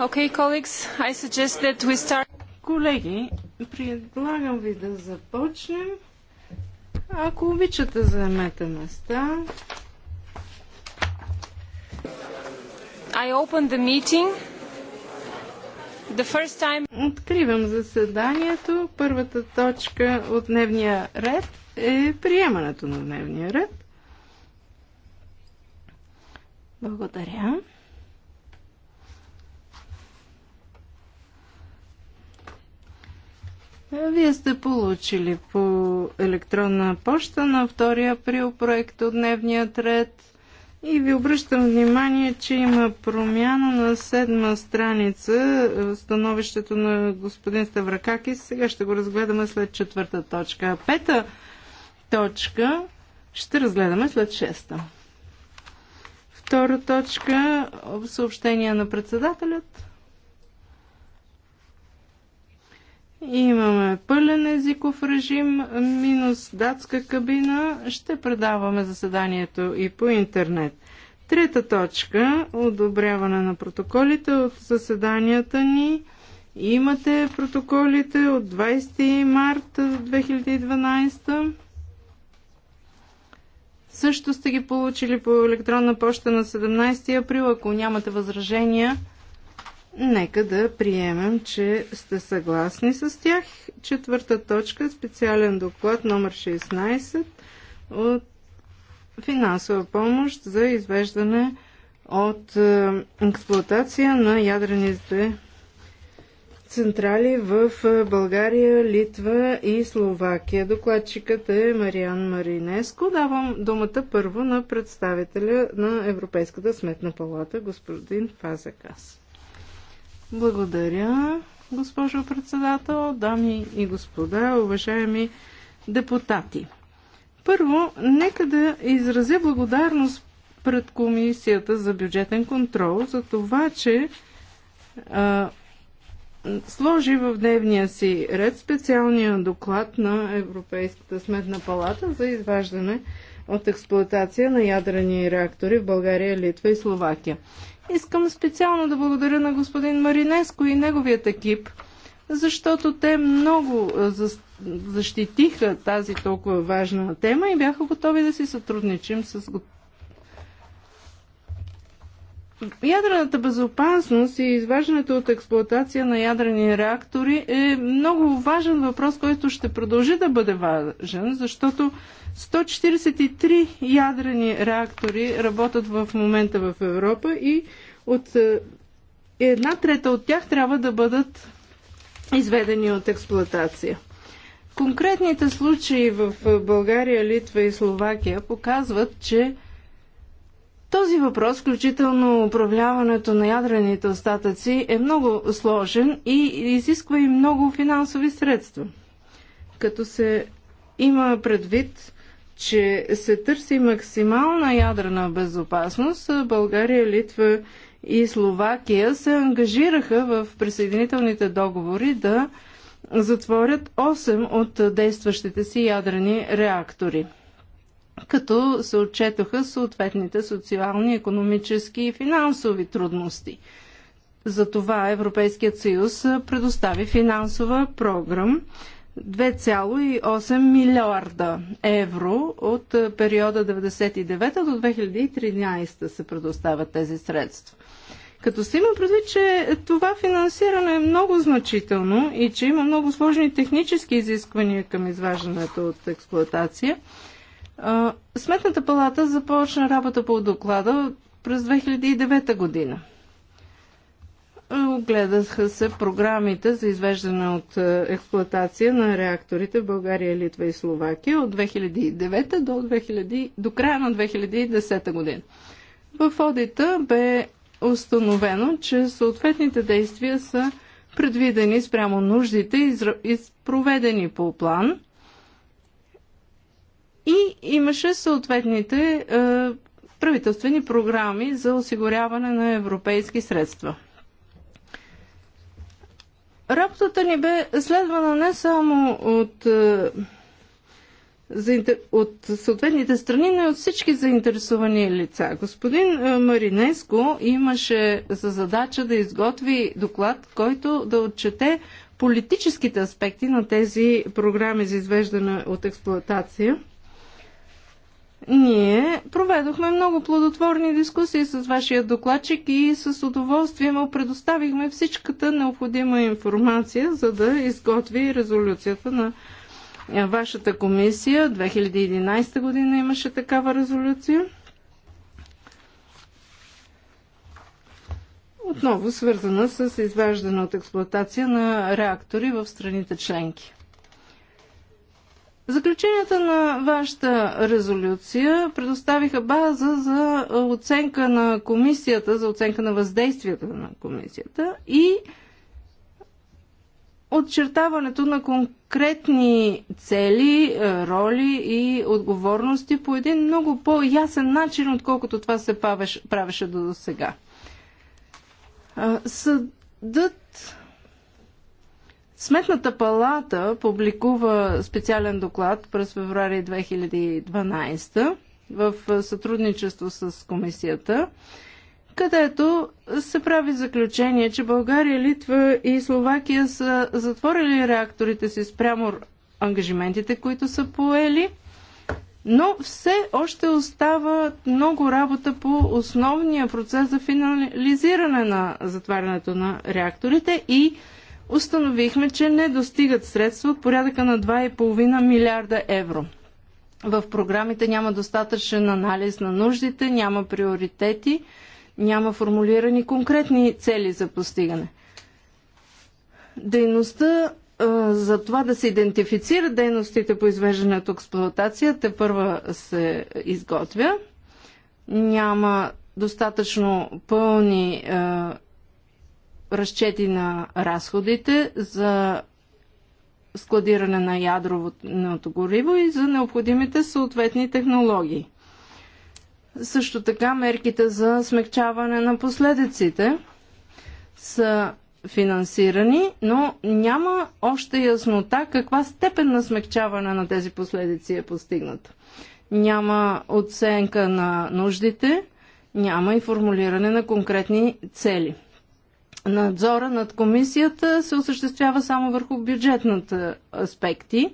Okay, colleagues, I suggest that we start... Колеги, предлагам ви да започнем. Ако обичате, заемете места. I open the meeting. The first time... Откривам заседанието. Първата точка от дневния ред е приемането на дневния ред. Благодаря. Вие сте получили по електронна почта на 2 април проект от дневния ред и ви обръщам внимание, че има промяна на седма страница е, становището на господин Ставракакис. Сега ще го разгледаме след четвърта точка. пета точка ще разгледаме след шеста. Втора точка съобщение на председателят. Имаме пълен езиков режим, минус датска кабина. Ще предаваме заседанието и по интернет. Трета точка – одобряване на протоколите от заседанията ни. Имате протоколите от 20 март 2012. Също сте ги получили по електронна почта на 17 април. Ако нямате възражения – Нека да приемем, че сте съгласни с тях. Четвърта точка, специален доклад номер 16 от финансова помощ за извеждане от е, експлуатация на ядрените централи в е, България, Литва и Словакия. Докладчикът е Мариан Маринеско. Давам думата първо на представителя на Европейската сметна палата, господин Фазакас. Благодаря, госпожо председател, дами и господа, уважаеми депутати. Първо, нека да изразя благодарност пред Комисията за бюджетен контрол за това, че а, сложи в дневния си ред специалния доклад на Европейската сметна палата за изваждане от експлоатация на ядрени реактори в България, Литва и Словакия. Искам специално да благодаря на господин Маринеско и неговият екип, защото те много защитиха тази толкова важна тема и бяха готови да си сътрудничим с Ядрената безопасност и изваждането от експлоатация на ядрени реактори е много важен въпрос, който ще продължи да бъде важен, защото 143 ядрени реактори работят в момента в Европа и от е, една трета от тях трябва да бъдат изведени от експлоатация. Конкретните случаи в България, Литва и Словакия показват, че този въпрос, включително управляването на ядрените остатъци, е много сложен и изисква и много финансови средства. Като се има предвид, че се търси максимална ядрена безопасност, България, Литва и Словакия се ангажираха в присъединителните договори да затворят 8 от действащите си ядрени реактори като се отчетоха съответните социални, економически и финансови трудности. Затова Европейският съюз предостави финансова програма 2,8 милиарда евро от периода 1999 до 2013 се предоставят тези средства. Като се има предвид, че това финансиране е много значително и че има много сложни технически изисквания към изваждането от експлоатация, Сметната палата започна работа по доклада през 2009 година. Огледаха се програмите за извеждане от експлоатация на реакторите в България, Литва и Словакия от 2009 до, 2000, до края на 2010 година. В одита бе установено, че съответните действия са предвидени спрямо нуждите и проведени по план – и имаше съответните е, правителствени програми за осигуряване на европейски средства. Работата ни бе следвана не само от, е, от съответните страни, но и от всички заинтересовани лица. Господин е, Маринеско имаше за задача да изготви доклад, който да отчете политическите аспекти на тези програми за извеждане от експлоатация – ние проведохме много плодотворни дискусии с вашия докладчик и с удоволствие му предоставихме всичката необходима информация, за да изготви резолюцията на вашата комисия. 2011 година имаше такава резолюция. Отново свързана с изваждане от експлоатация на реактори в страните членки. Заключенията на вашата резолюция предоставиха база за оценка на комисията, за оценка на въздействията на комисията и отчертаването на конкретни цели, е, роли и отговорности по един много по-ясен начин, отколкото това се правеше до сега. Е, съдът Сметната палата публикува специален доклад през феврари 2012 в сътрудничество с комисията, където се прави заключение, че България, Литва и Словакия са затворили реакторите си спрямо ангажиментите, които са поели, но все още остава много работа по основния процес за финализиране на затварянето на реакторите и установихме, че не достигат средства от порядъка на 2,5 милиарда евро. В програмите няма достатъчен анализ на нуждите, няма приоритети, няма формулирани конкретни цели за постигане. Дейността за това да се идентифицират дейностите по извеждане от експлуатация, те първа се изготвя. Няма достатъчно пълни е, разчети на разходите за складиране на ядровото гориво и за необходимите съответни технологии. Също така мерките за смягчаване на последиците са финансирани, но няма още яснота каква степен на смягчаване на тези последици е постигната. Няма оценка на нуждите, няма и формулиране на конкретни цели надзора над комисията се осъществява само върху бюджетната аспекти.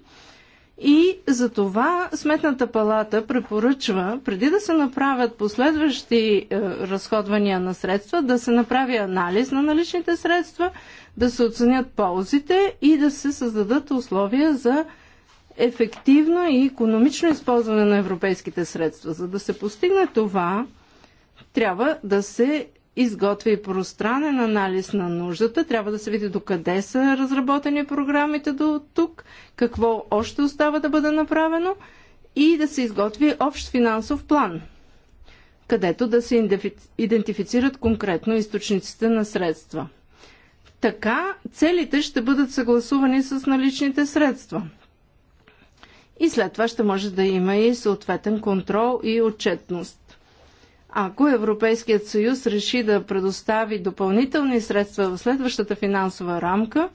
И за това Сметната палата препоръчва, преди да се направят последващи е, разходвания на средства, да се направи анализ на наличните средства, да се оценят ползите и да се създадат условия за ефективно и економично използване на европейските средства. За да се постигне това, трябва да се изготви пространен анализ на нуждата. Трябва да се види до къде са разработени програмите до тук, какво още остава да бъде направено и да се изготви общ финансов план, където да се идентифицират конкретно източниците на средства. Така целите ще бъдат съгласувани с наличните средства. И след това ще може да има и съответен контрол и отчетност. Ако Европейският съюз реши да предостави допълнителни средства в следващата финансова рамка,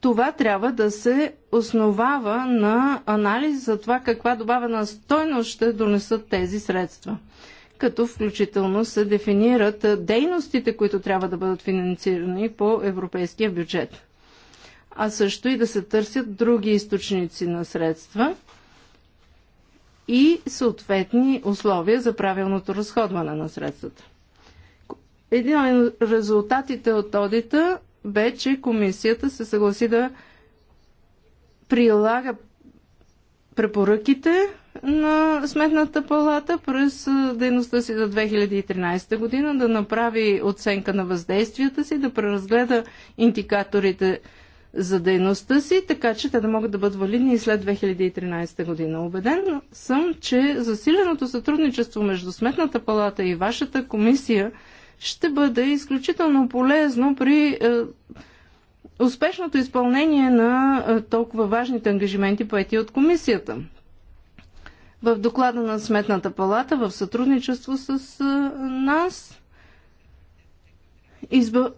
това трябва да се основава на анализ за това каква добавена стойност ще донесат тези средства. Като включително се дефинират дейностите, които трябва да бъдат финансирани по европейския бюджет. А също и да се търсят други източници на средства – и съответни условия за правилното разходване на средствата. Един от резултатите от одита бе, че комисията се съгласи да прилага препоръките на Сметната палата през дейността си за 2013 година, да направи оценка на въздействията си, да преразгледа индикаторите за дейността си, така че те да могат да бъдат валидни и след 2013 година. Обеден съм, че засиленото сътрудничество между Сметната палата и вашата комисия ще бъде изключително полезно при е, успешното изпълнение на е, толкова важните ангажименти, поети от комисията. В доклада на Сметната палата, в сътрудничество с е, нас,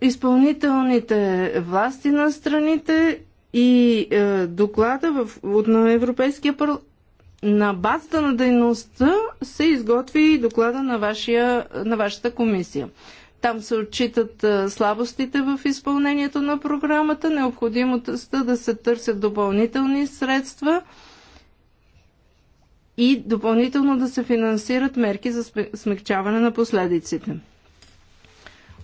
изпълнителните власти на страните и е, доклада в, от, на Европейския парламент. На базата на дейността се изготви и доклада на, вашия, на вашата комисия. Там се отчитат е, слабостите в изпълнението на програмата, необходимостта да се търсят допълнителни средства и допълнително да се финансират мерки за смягчаване на последиците.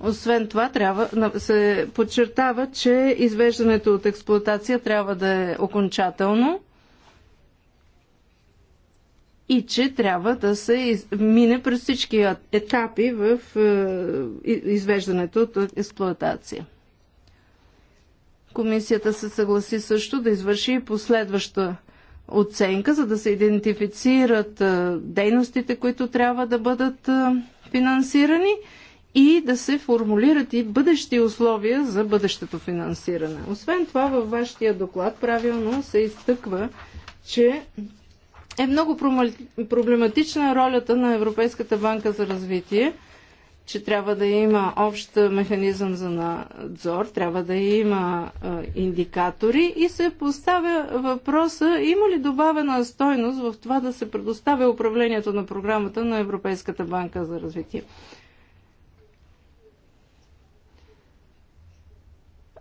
Освен това, трябва, се подчертава, че извеждането от експлоатация трябва да е окончателно и че трябва да се мине през всички етапи в е, извеждането от експлоатация. Комисията се съгласи също да извърши последваща оценка, за да се идентифицират е, дейностите, които трябва да бъдат е, финансирани – и да се формулират и бъдещи условия за бъдещето финансиране. Освен това, във вашия доклад правилно се изтъква, че е много проблематична ролята на Европейската банка за развитие, че трябва да има общ механизъм за надзор, трябва да има индикатори и се поставя въпроса има ли добавена стойност в това да се предоставя управлението на програмата на Европейската банка за развитие.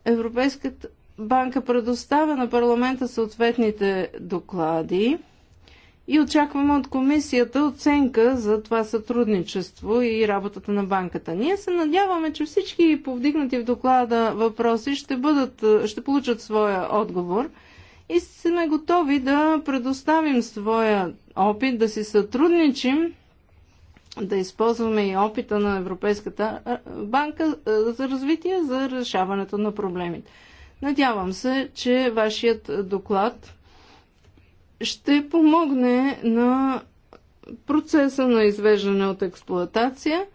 Европейската банка предоставя на парламента съответните доклади и очакваме от комисията оценка за това сътрудничество и работата на банката. Ние се надяваме, че всички повдигнати в доклада въпроси ще, бъдат, ще получат своя отговор и сме готови да предоставим своя опит, да си сътрудничим да използваме и опита на Европейската банка за развитие за решаването на проблемите. Надявам се, че вашият доклад ще помогне на процеса на извеждане от експлоатация,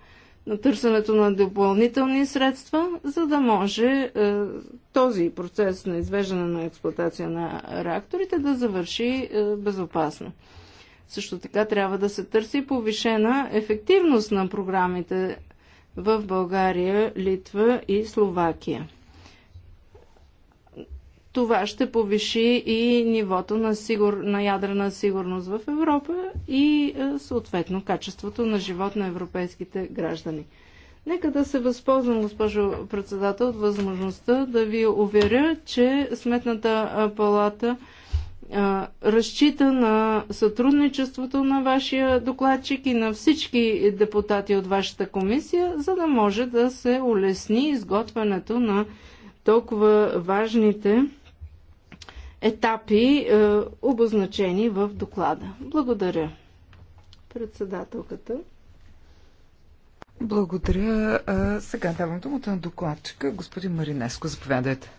на търсенето на допълнителни средства, за да може е, този процес на извеждане на експлоатация на реакторите да завърши е, безопасно. Също така трябва да се търси повишена ефективност на програмите в България, Литва и Словакия. Това ще повиши и нивото на, сигур... на ядрена сигурност в Европа и е, съответно качеството на живот на европейските граждани. Нека да се възползвам, госпожо председател, от възможността да ви уверя, че Сметната палата разчита на сътрудничеството на вашия докладчик и на всички депутати от вашата комисия, за да може да се улесни изготвянето на толкова важните етапи, е, обозначени в доклада. Благодаря. Председателката. Благодаря. Сега давам думата на докладчика. Господин Маринеско, заповядайте.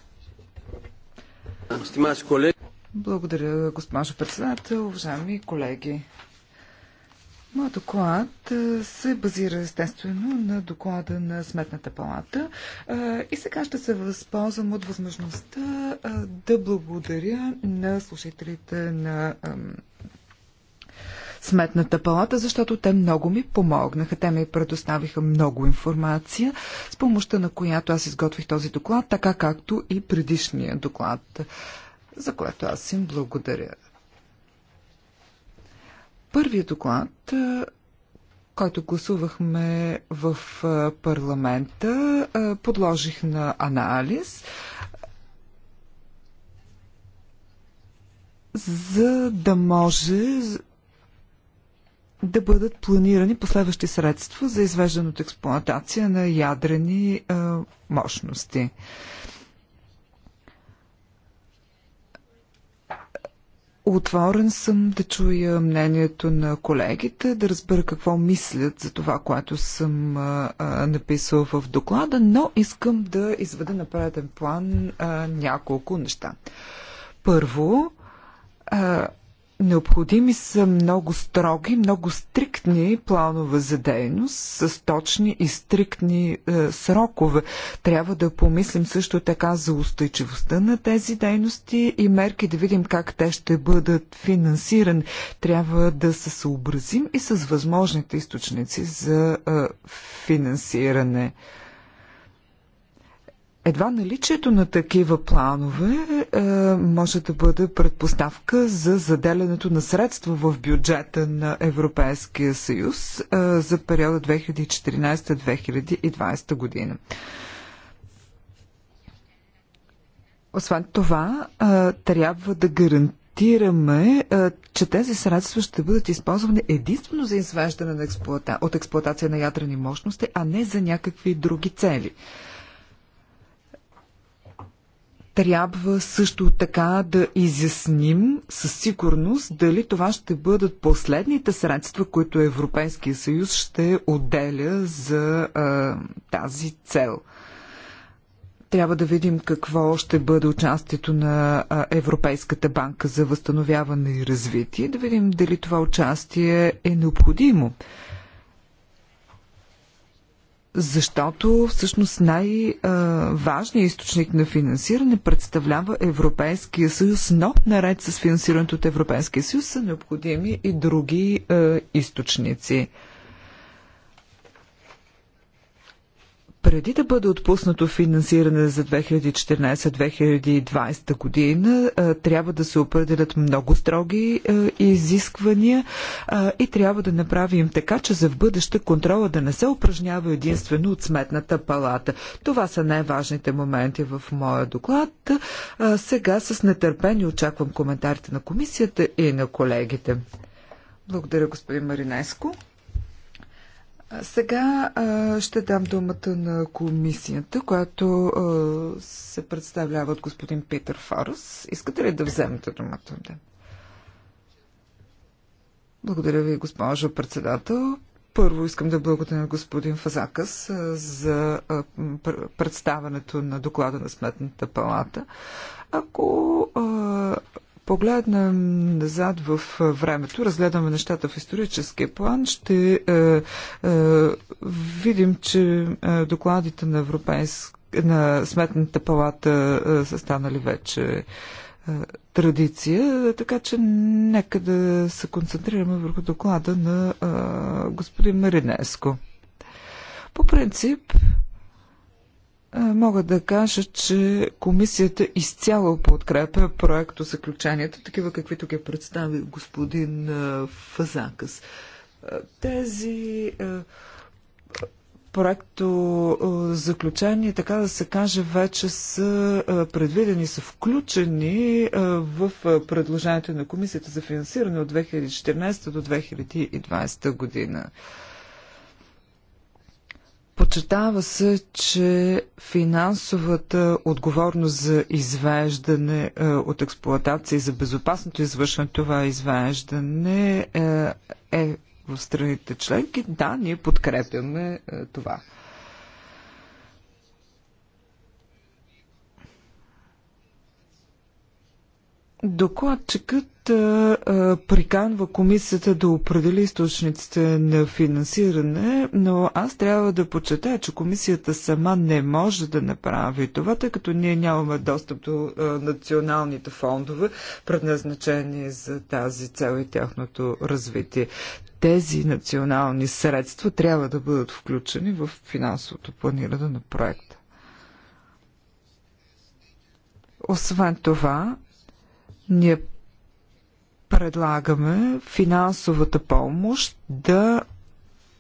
Стимаш колеги, благодаря, госпожо председател, уважаеми колеги. Моят доклад се базира естествено на доклада на Сметната палата и сега ще се възползвам от възможността да благодаря на слушателите на Сметната палата, защото те много ми помогнаха. Те ми предоставиха много информация, с помощта на която аз изготвих този доклад, така както и предишния доклад за което аз им благодаря. Първият доклад, който гласувахме в парламента, подложих на анализ. за да може да бъдат планирани последващи средства за извеждане от експлоатация на ядрени мощности. Отворен съм да чуя мнението на колегите, да разбера какво мислят за това, което съм написал в доклада, но искам да изведа на преден план а, няколко неща. Първо, а, Необходими са много строги, много стриктни планове за дейност, с точни и стриктни е, срокове. Трябва да помислим също така за устойчивостта на тези дейности и мерки, да видим как те ще бъдат финансирани. Трябва да се съобразим и с възможните източници за е, финансиране едва наличието на такива планове е, може да бъде предпоставка за заделянето на средства в бюджета на Европейския съюз е, за периода 2014-2020 година. Освен това, е, трябва да гарантираме, е, че тези средства ще бъдат използвани единствено за извеждане на експлуата... от експлуатация на ядрени мощности, а не за някакви други цели. Трябва също така да изясним със сигурност дали това ще бъдат последните средства, които Европейския съюз ще отделя за а, тази цел. Трябва да видим какво ще бъде участието на Европейската банка за възстановяване и развитие, да видим дали това участие е необходимо. Защото всъщност най-важният източник на финансиране представлява Европейския съюз, но наред с финансирането от Европейския съюз са необходими и други е, източници. Преди да бъде отпуснато финансиране за 2014-2020 година, трябва да се определят много строги изисквания и трябва да направим така, че за в бъдеще контрола да не се упражнява единствено от сметната палата. Това са най-важните моменти в моя доклад. Сега с нетърпение очаквам коментарите на комисията и на колегите. Благодаря, господин Маринеско. Сега ще дам думата на комисията, която се представлява от господин Питър Фарус. Искате ли да вземете думата? Да. Благодаря ви, госпожо председател. Първо искам да благодаря господин Фазакас за представането на доклада на Сметната палата. Ако погледнем назад в времето, разгледаме нещата в исторически план, ще е, е, видим, че е, докладите на Европейска на Сметната палата е, са станали вече е, традиция, така че нека да се концентрираме върху доклада на е, господин Маринеско. По принцип, Мога да кажа, че комисията изцяло подкрепя проекто заключенията, такива каквито ги е представи господин Фазакас. Тези проекто заключения, така да се каже, вече са предвидени, са включени в предложението на комисията за финансиране от 2014 до 2020 година. Почетава се, че финансовата отговорност за извеждане е, от експлоатация и за безопасното извършване това извеждане е, е в страните членки. Да, ние подкрепяме е, това. Докладчикът а, а, приканва комисията да определи източниците на финансиране, но аз трябва да почета, че комисията сама не може да направи това, тъй като ние нямаме достъп до а, националните фондове, предназначени за тази цел и тяхното развитие. Тези национални средства трябва да бъдат включени в финансовото планиране на проекта. Освен това, ние предлагаме финансовата помощ да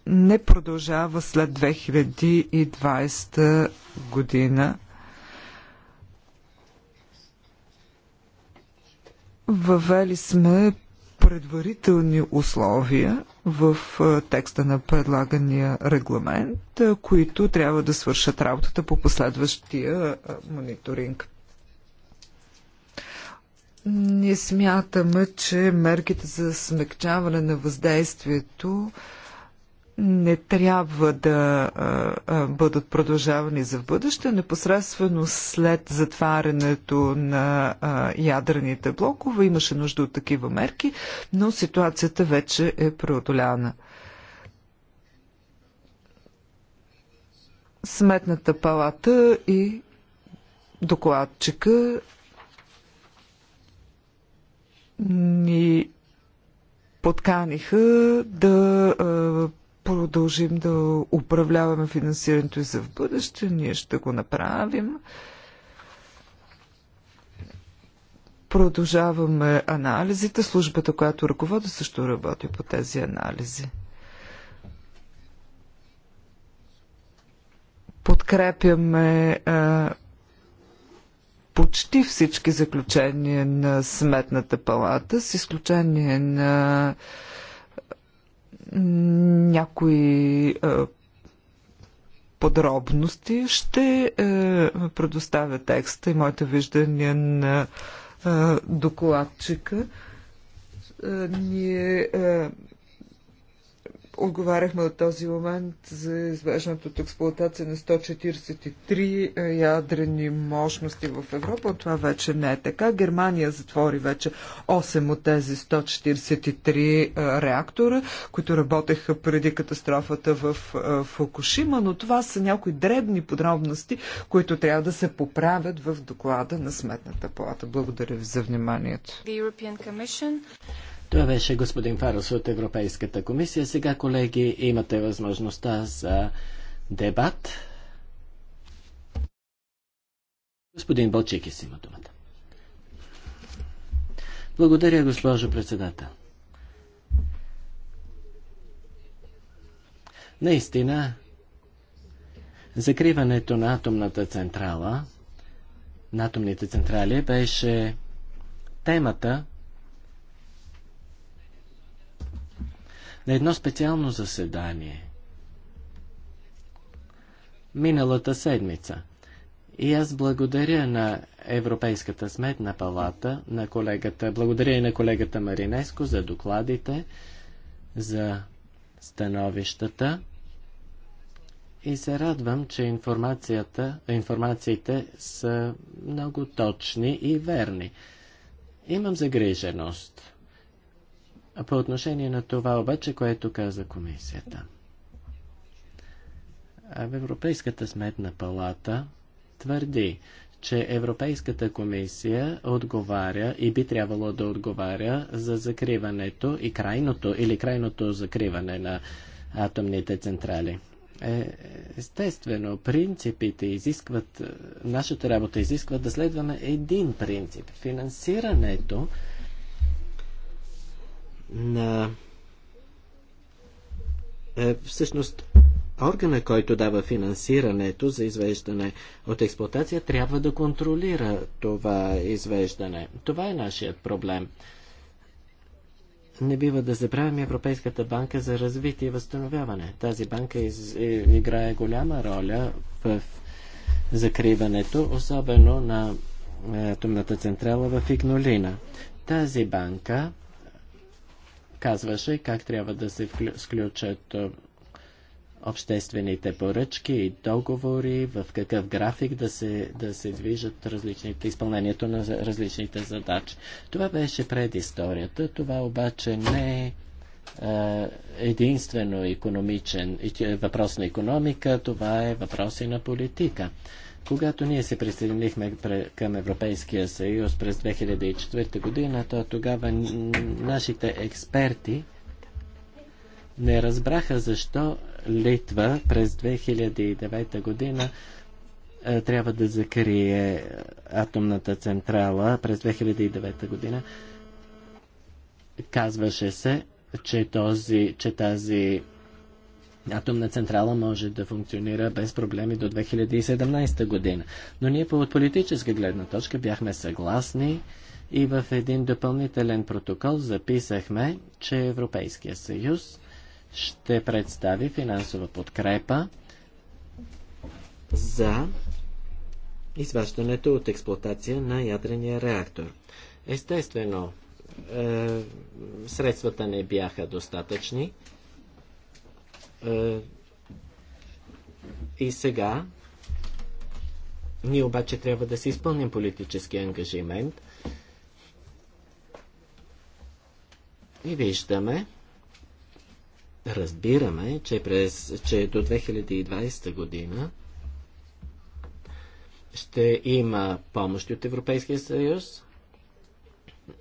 не продължава след 2020 година. Въвели сме предварителни условия в текста на предлагания регламент, които трябва да свършат работата по последващия мониторинг. Ние смятаме, че мерките за смягчаване на въздействието не трябва да а, а, бъдат продължавани за бъдеще, непосредствено след затварянето на а, ядрените блокове. Имаше нужда от такива мерки, но ситуацията вече е преодоляна. Сметната палата и докладчика ни подканиха да продължим да управляваме финансирането и за в бъдеще. Ние ще го направим. Продължаваме анализите. Службата, която ръководи, също работи по тези анализи. Подкрепяме почти всички заключения на Сметната палата, с изключение на някои е, подробности, ще е, предоставя текста и моите виждания на е, докладчика. Ние Отговаряхме от този момент за извеждането от експлуатация на 143 е, ядрени мощности в Европа. Това вече не е така. Германия затвори вече 8 от тези 143 е, реактора, които работеха преди катастрофата в е, Фукушима, но това са някои дребни подробности, които трябва да се поправят в доклада на Сметната палата. Благодаря ви за вниманието. Това беше господин Фарос от Европейската комисия. Сега, колеги, имате възможността за дебат. Господин си има думата. Благодаря, госпожо председател. Наистина, закриването на атомната централа, на атомните централи, беше темата, на едно специално заседание. Миналата седмица. И аз благодаря на Европейската сметна палата, на колегата, благодаря и на колегата Маринеско за докладите, за становищата. И се радвам, че информацията, информациите са много точни и верни. Имам загриженост. По отношение на това обаче, което каза комисията. В Европейската сметна палата твърди, че Европейската комисия отговаря и би трябвало да отговаря за закриването и крайното или крайното закриване на атомните централи. Е, естествено, принципите изискват, нашата работа изисква да следваме един принцип. Финансирането на е, всъщност органа, който дава финансирането за извеждане от експлуатация, трябва да контролира това извеждане. Това е нашият проблем. Не бива да забравим Европейската банка за развитие и възстановяване. Тази банка из, играе голяма роля в закриването, особено на атомната е, централа в Игнолина. Тази банка казваше как трябва да се включат обществените поръчки и договори, в какъв график да се, да се движат различните, изпълнението на различните задачи. Това беше предисторията, това обаче не е единствено економичен, е, въпрос на економика, това е въпрос и на политика. Когато ние се присъединихме към Европейския съюз през 2004 година, то тогава нашите експерти не разбраха защо Литва през 2009 година е, трябва да закрие атомната централа през 2009 година. Казваше се, че, този, че тази атомна централа може да функционира без проблеми до 2017 година. Но ние по от политическа гледна точка бяхме съгласни и в един допълнителен протокол записахме, че Европейския съюз ще представи финансова подкрепа за изваждането от експлоатация на ядрения реактор. Естествено, е, средствата не бяха достатъчни. Е, и сега ние обаче трябва да си изпълним политически ангажимент. И виждаме, разбираме, че, през, че до 2020 година ще има помощ от Европейския съюз,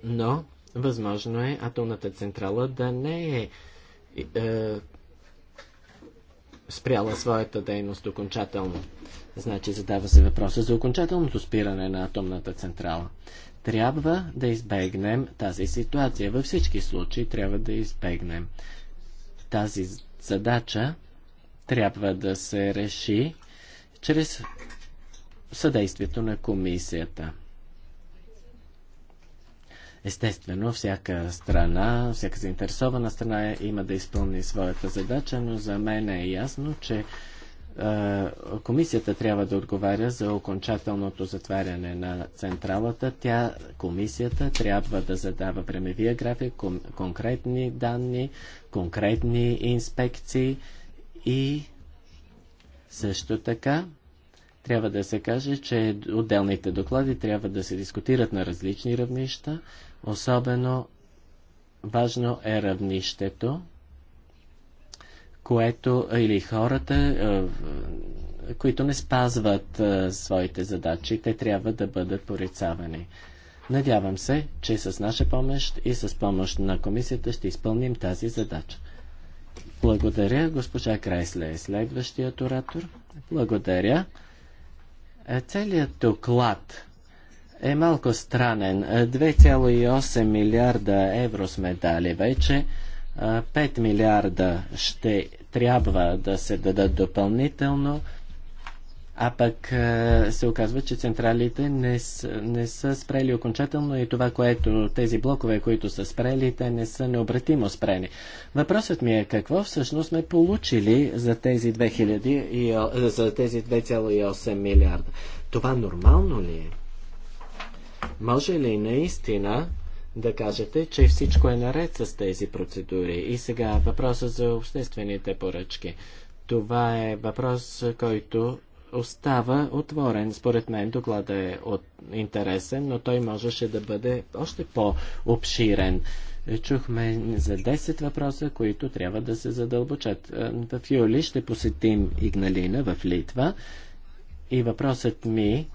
но възможно е атомната централа да не е, е спряла своята дейност окончателно. Значи задава се въпроса за окончателното спиране на атомната централа. Трябва да избегнем тази ситуация. Във всички случаи трябва да избегнем. Тази задача трябва да се реши чрез съдействието на комисията. Естествено, всяка страна, всяка заинтересована страна има да изпълни своята задача, но за мен е ясно, че е, комисията трябва да отговаря за окончателното затваряне на централата. Тя, комисията, трябва да задава времевия график, конкретни данни, конкретни инспекции и също така трябва да се каже, че отделните доклади трябва да се дискутират на различни равнища, Особено важно е равнището, което или хората, е, е, които не спазват е, своите задачи, те трябва да бъдат порицавани. Надявам се, че с наша помощ и с помощ на комисията ще изпълним тази задача. Благодаря, госпожа Крайсле е следващият оратор. Благодаря. Целият доклад е малко странен. 2,8 милиарда евро сме дали вече. 5 милиарда ще трябва да се дадат допълнително. А пък се оказва, че централите не, с, не са спрели окончателно и това, което тези блокове, които са спрели, те не са необратимо спрени. Въпросът ми е какво всъщност сме получили за тези, 2000 и, за тези 2,8 милиарда. Това нормално ли е? Може ли наистина да кажете, че всичко е наред с тези процедури? И сега въпроса за обществените поръчки. Това е въпрос, който остава отворен. Според мен доклада е от интересен, но той можеше да бъде още по-обширен. Чухме за 10 въпроса, които трябва да се задълбочат. В юли ще посетим Игналина в Литва и въпросът ми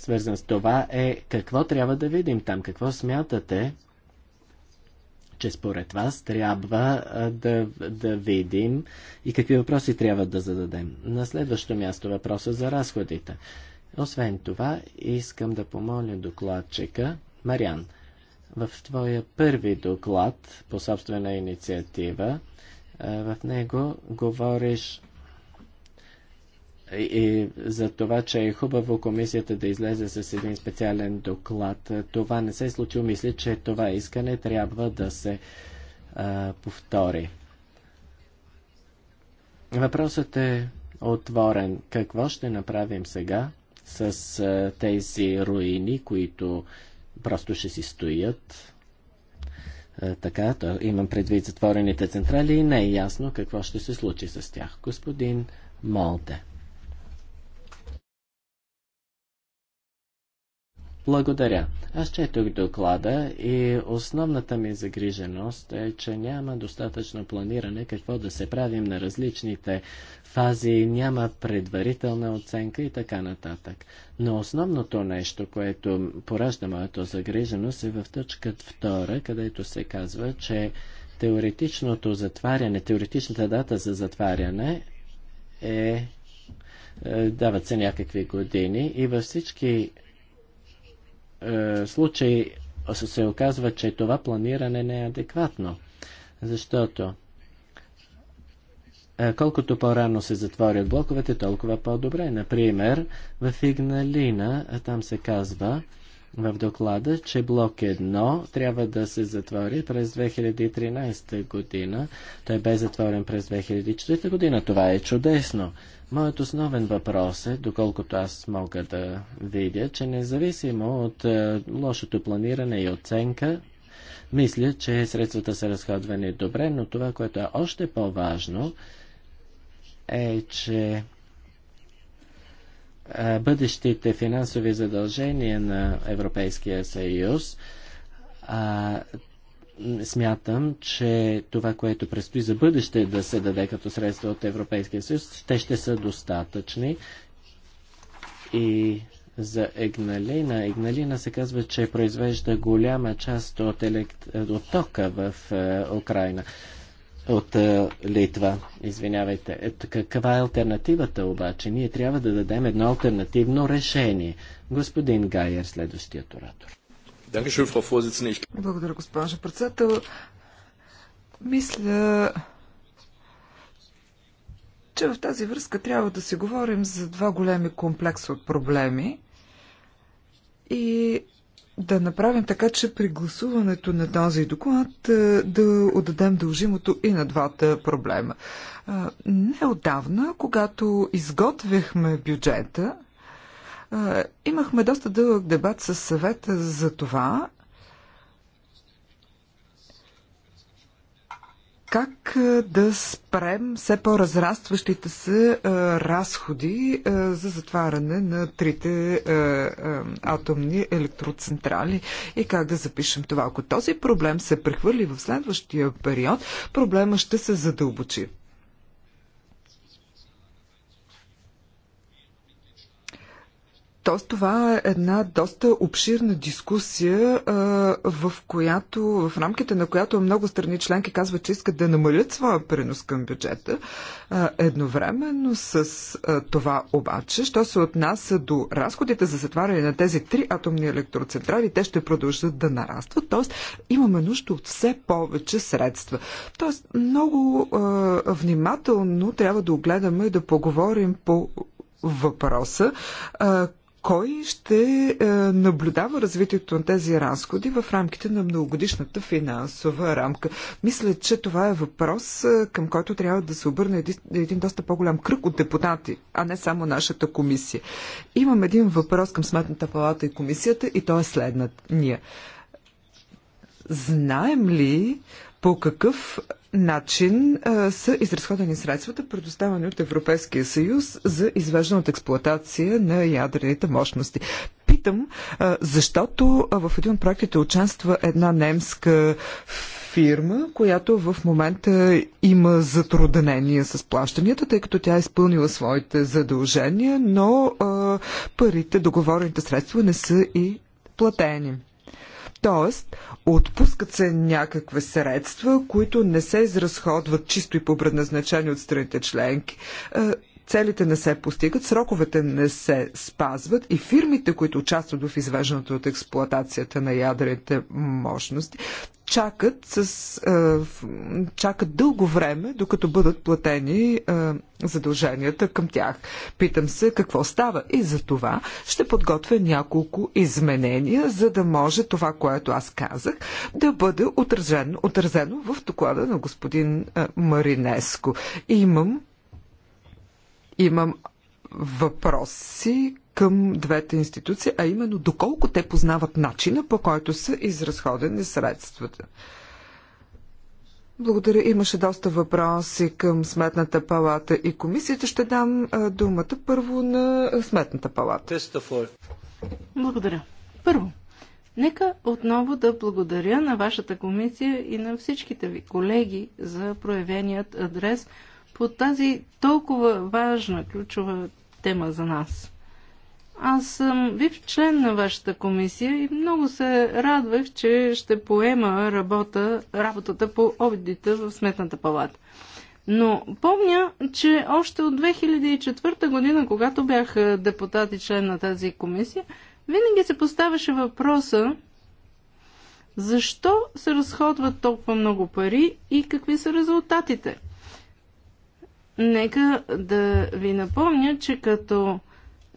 свързан с това, е какво трябва да видим там, какво смятате, че според вас трябва да, да видим и какви въпроси трябва да зададем. На следващо място въпроса за разходите. Освен това, искам да помоля докладчика Мариан. В твоя първи доклад по собствена инициатива, в него говориш е, и за това, че е хубаво комисията да излезе с един специален доклад. Това не се е случило. Мисля, че това искане трябва да се а, повтори. Въпросът е отворен. Какво ще направим сега с а, тези руини, които просто ще си стоят? А, така, то, имам предвид затворените централи и не е ясно какво ще се случи с тях. Господин Молте. Благодаря. Аз четох доклада и основната ми загриженост е, че няма достатъчно планиране какво да се правим на различните фази, няма предварителна оценка и така нататък. Но основното нещо, което поражда моето загриженост е в точка 2, където се казва, че теоретичното затваряне, теоретичната дата за затваряне е, е дават се някакви години и във всички е, случай се оказва, че това планиране не е адекватно. Защото е, колкото по-рано се затворят блоковете, толкова по-добре. Например, в Игналина, е, там се казва, в доклада, че блок 1 трябва да се затвори през 2013 година. Той бе затворен през 2004 година. Това е чудесно. Моят основен въпрос е, доколкото аз мога да видя, че независимо от е, лошото планиране и оценка, мисля, че средствата са разходвани добре, но това, което е още по-важно, е, че бъдещите финансови задължения на Европейския съюз, а, смятам, че това, което предстои за бъдеще да се даде като средства от Европейския съюз, те ще са достатъчни. И за Егналина. Егналина се казва, че произвежда голяма част от, елект... от тока в е, Украина от Литва. Извинявайте. Ето, каква е альтернативата обаче? Ние трябва да дадем едно альтернативно решение. Господин Гайер, следващият оратор. Благодаря, госпожа председател. Мисля, че в тази връзка трябва да си говорим за два големи комплекса от проблеми и да направим така, че при гласуването на този доклад е, да отдадем дължимото и на двата проблема. Е, неодавна, когато изготвихме бюджета, е, имахме доста дълъг дебат с съвета за това как е, да спрем все по-разрастващите се е, разходи е, за затваряне на трите атомни електроцентрали и как да запишем това. Ако този проблем се прехвърли в следващия период, проблема ще се задълбочи. Тоест, това е една доста обширна дискусия, в която, в рамките на която много страни членки казват, че искат да намалят своя принос към бюджета. Едновременно с това обаче, що се отнася до разходите за затваряне на тези три атомни електроцентрали, те ще продължат да нарастват. Тоест, имаме нужда от все повече средства. Тоест, много внимателно трябва да огледаме и да поговорим по въпроса кой ще е, наблюдава развитието на тези разходи в рамките на многогодишната финансова рамка? Мисля, че това е въпрос, е, към който трябва да се обърне един доста по-голям кръг от депутати, а не само нашата комисия. Имам един въпрос към Сметната палата и комисията и то е Ние. Знаем ли по какъв начин а, са изразходени средствата, предоставени от Европейския съюз за извеждане от експлоатация на ядрените мощности. Питам, а, защото в един от проектите участва една немска фирма, която в момента има затруднения с плащанията, тъй като тя е изпълнила своите задължения, но а, парите, договорените средства не са и платени. Тоест, отпускат се някакви средства, които не се изразходват чисто и по предназначение от страните членки. Е, целите не се постигат, сроковете не се спазват и фирмите, които участват в извеждането от експлоатацията на ядрените мощности, чакат, с, е, чакат дълго време, докато бъдат платени е, задълженията към тях. Питам се какво става и за това ще подготвя няколко изменения, за да може това, което аз казах, да бъде отразено, отразено в доклада на господин е, Маринеско. И имам имам въпроси към двете институции, а именно доколко те познават начина по който са изразходени средствата. Благодаря. Имаше доста въпроси към Сметната палата и комисията. Ще дам думата първо на Сметната палата. Благодаря. Първо, нека отново да благодаря на вашата комисия и на всичките ви колеги за проявеният адрес – по тази толкова важна, ключова тема за нас. Аз съм бив член на вашата комисия и много се радвах, че ще поема работа, работата по обидите в Сметната палата. Но помня, че още от 2004 година, когато бях депутат и член на тази комисия, винаги се поставяше въпроса защо се разходват толкова много пари и какви са резултатите. Нека да ви напомня, че като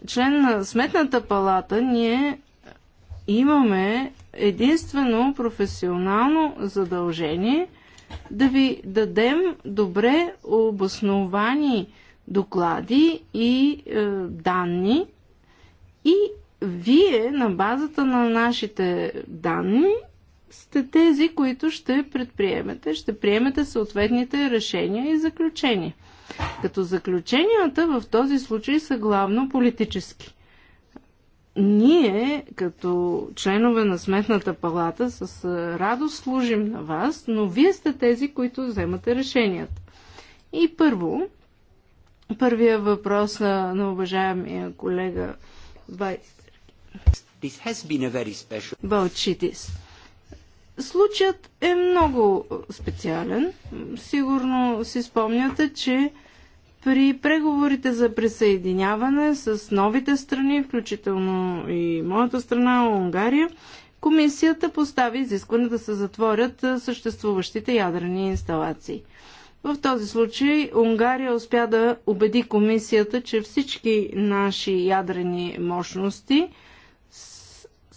член на Сметната палата ние имаме единствено професионално задължение да ви дадем добре обосновани доклади и е, данни и вие на базата на нашите данни сте тези, които ще предприемете, ще приемете съответните решения и заключения. Като заключенията в този случай са главно политически. Ние, като членове на Сметната палата, с радост служим на вас, но вие сте тези, които вземате решенията. И първо, първия въпрос на, на уважаемия колега Вайстер. This has been a very special... Случаят е много специален. Сигурно си спомняте, че при преговорите за присъединяване с новите страни, включително и моята страна Унгария, комисията постави изискване да се затворят съществуващите ядрени инсталации. В този случай Унгария успя да убеди комисията, че всички наши ядрени мощности –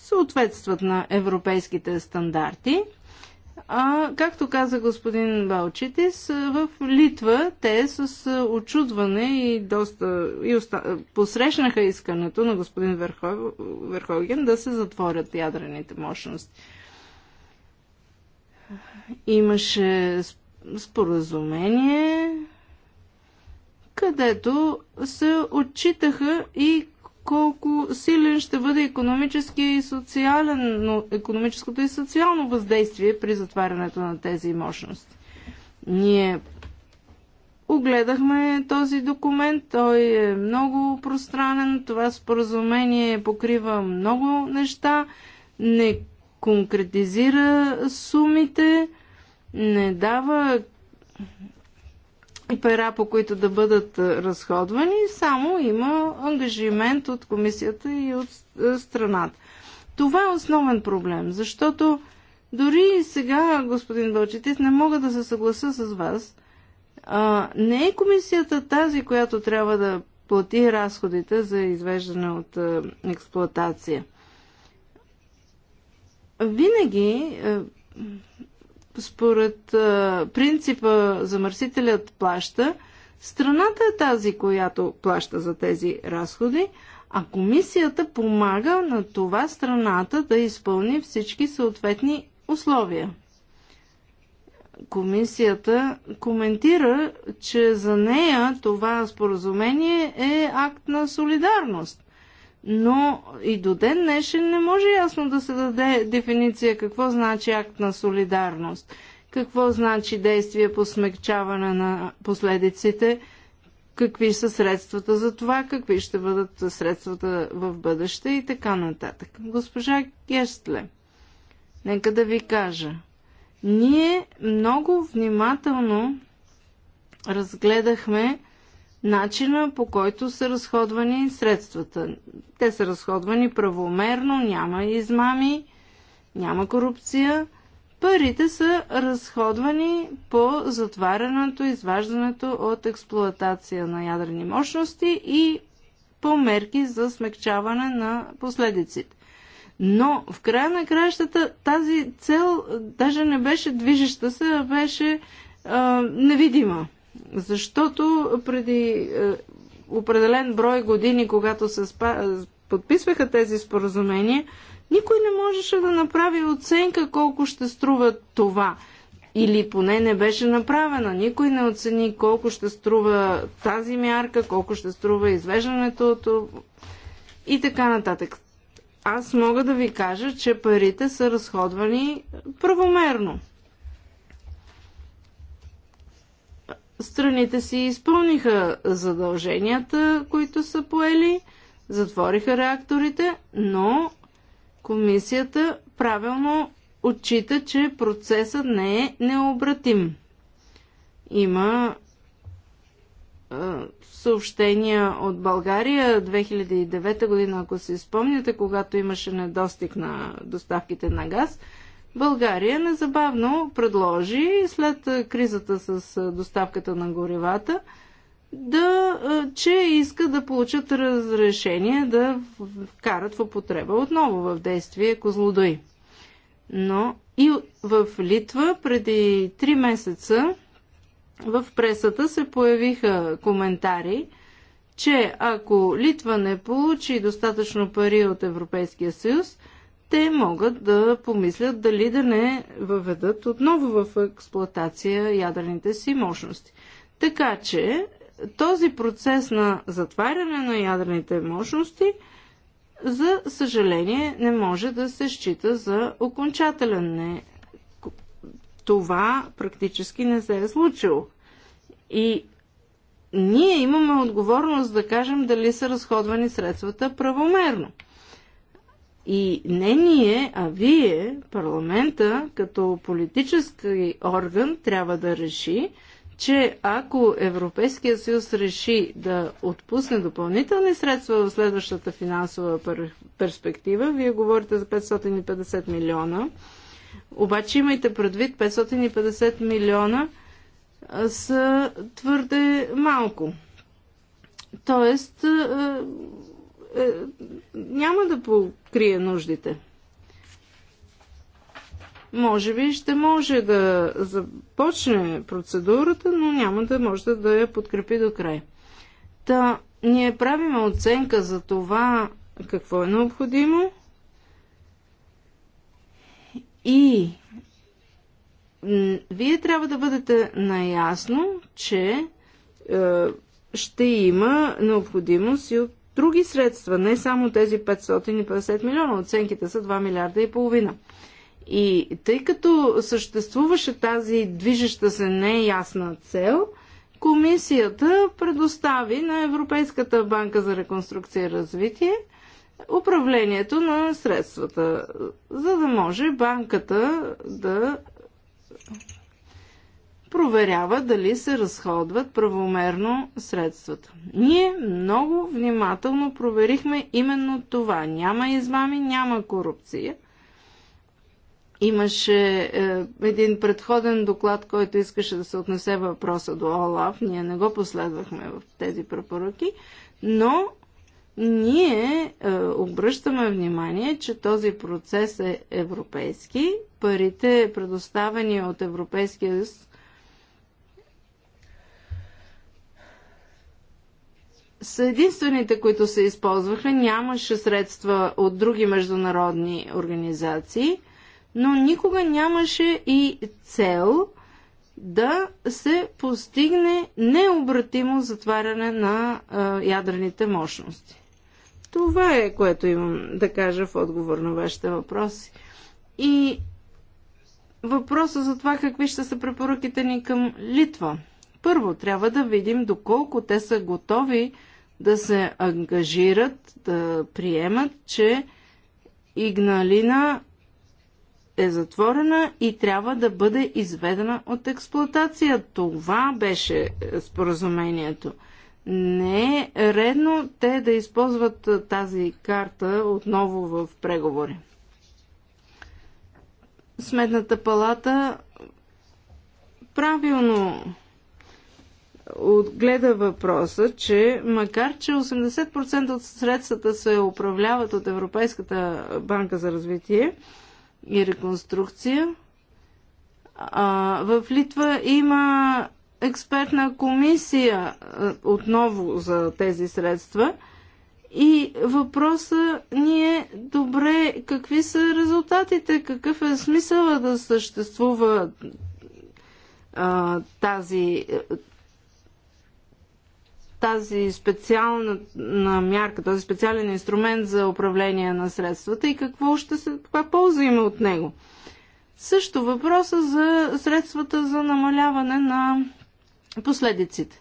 съответстват на европейските стандарти. А, както каза господин Балчитис, в Литва те с очудване и доста и оста, посрещнаха искането на господин Верхо, Верхоген да се затворят ядрените мощности. Имаше споразумение, където се отчитаха и колко силен ще бъде економически и социален, но економическото и социално въздействие при затварянето на тези мощности. Ние огледахме този документ, той е много пространен, това споразумение покрива много неща, не конкретизира сумите, не дава пера, по които да бъдат разходвани, само има ангажимент от комисията и от страната. Това е основен проблем, защото дори и сега, господин Бълчетис, не мога да се съгласа с вас. А, не е комисията тази, която трябва да плати разходите за извеждане от а, експлуатация. Винаги според а, принципа замърсителят плаща, страната е тази, която плаща за тези разходи, а комисията помага на това страната да изпълни всички съответни условия. Комисията коментира, че за нея това споразумение е акт на солидарност но и до ден днешен не може ясно да се даде дефиниция какво значи акт на солидарност, какво значи действие по смягчаване на последиците, какви са средствата за това, какви ще бъдат средствата в бъдеще и така нататък. Госпожа Гестле, нека да ви кажа. Ние много внимателно разгледахме начина по който са разходвани средствата. Те са разходвани правомерно, няма измами, няма корупция. Парите са разходвани по затварянето, изваждането от експлоатация на ядрени мощности и по мерки за смягчаване на последиците. Но в края на краищата тази цел даже не беше движеща се, а беше а, невидима. Защото преди е, определен брой години, когато се е, подписваха тези споразумения, никой не можеше да направи оценка колко ще струва това. Или поне не беше направена. Никой не оцени колко ще струва тази мярка, колко ще струва извеждането от... и така нататък. Аз мога да ви кажа, че парите са разходвани правомерно. страните си изпълниха задълженията, които са поели, затвориха реакторите, но комисията правилно отчита, че процесът не е необратим. Има съобщения от България 2009 година, ако се спомняте, когато имаше недостиг на доставките на газ – България незабавно предложи след кризата с доставката на горивата, да, че иска да получат разрешение да вкарат в употреба отново в действие Козлодой. Но и в Литва преди три месеца в пресата се появиха коментари, че ако Литва не получи достатъчно пари от Европейския съюз, те могат да помислят дали да не въведат отново в експлоатация ядрените си мощности. Така че този процес на затваряне на ядрените мощности, за съжаление, не може да се счита за окончателен. Не. Това практически не се е случило. И ние имаме отговорност да кажем дали са разходвани средствата правомерно. И не ние, а вие, парламента, като политически орган, трябва да реши, че ако Европейския съюз реши да отпусне допълнителни средства в следващата финансова перспектива, вие говорите за 550 милиона, обаче имайте предвид 550 милиона са твърде малко. Тоест, е, е, няма да разкрие нуждите. Може би ще може да започне процедурата, но няма да може да я подкрепи до край. Та ние правим оценка за това какво е необходимо и вие трябва да бъдете наясно, че е, ще има необходимост и от други средства, не само тези 550 милиона. Оценките са 2 милиарда и половина. И тъй като съществуваше тази движеща се неясна цел, комисията предостави на Европейската банка за реконструкция и развитие управлението на средствата, за да може банката да проверява дали се разходват правомерно средствата. Ние много внимателно проверихме именно това. Няма измами, няма корупция. Имаше е, един предходен доклад, който искаше да се отнесе въпроса до ОЛАФ. Ние не го последвахме в тези препоръки, но ние е, обръщаме внимание, че този процес е европейски. Парите, предоставени от Европейския са единствените, които се използваха. Нямаше средства от други международни организации, но никога нямаше и цел да се постигне необратимо затваряне на а, ядрените мощности. Това е, което имам да кажа в отговор на вашите въпроси. И въпроса за това какви ще са препоръките ни към Литва – първо, трябва да видим доколко те са готови да се ангажират, да приемат, че Игналина е затворена и трябва да бъде изведена от експлоатация. Това беше споразумението. Не е редно те да използват тази карта отново в преговори. Сметната палата правилно отгледа въпроса, че макар, че 80% от средствата се управляват от Европейската банка за развитие и реконструкция, а, в Литва има експертна комисия а, отново за тези средства и въпроса ни е добре, какви са резултатите, какъв е смисъла да съществува а, тази тази специална мярка, този специален инструмент за управление на средствата и какво ще се, каква полза има от него. Също въпроса за средствата за намаляване на последиците.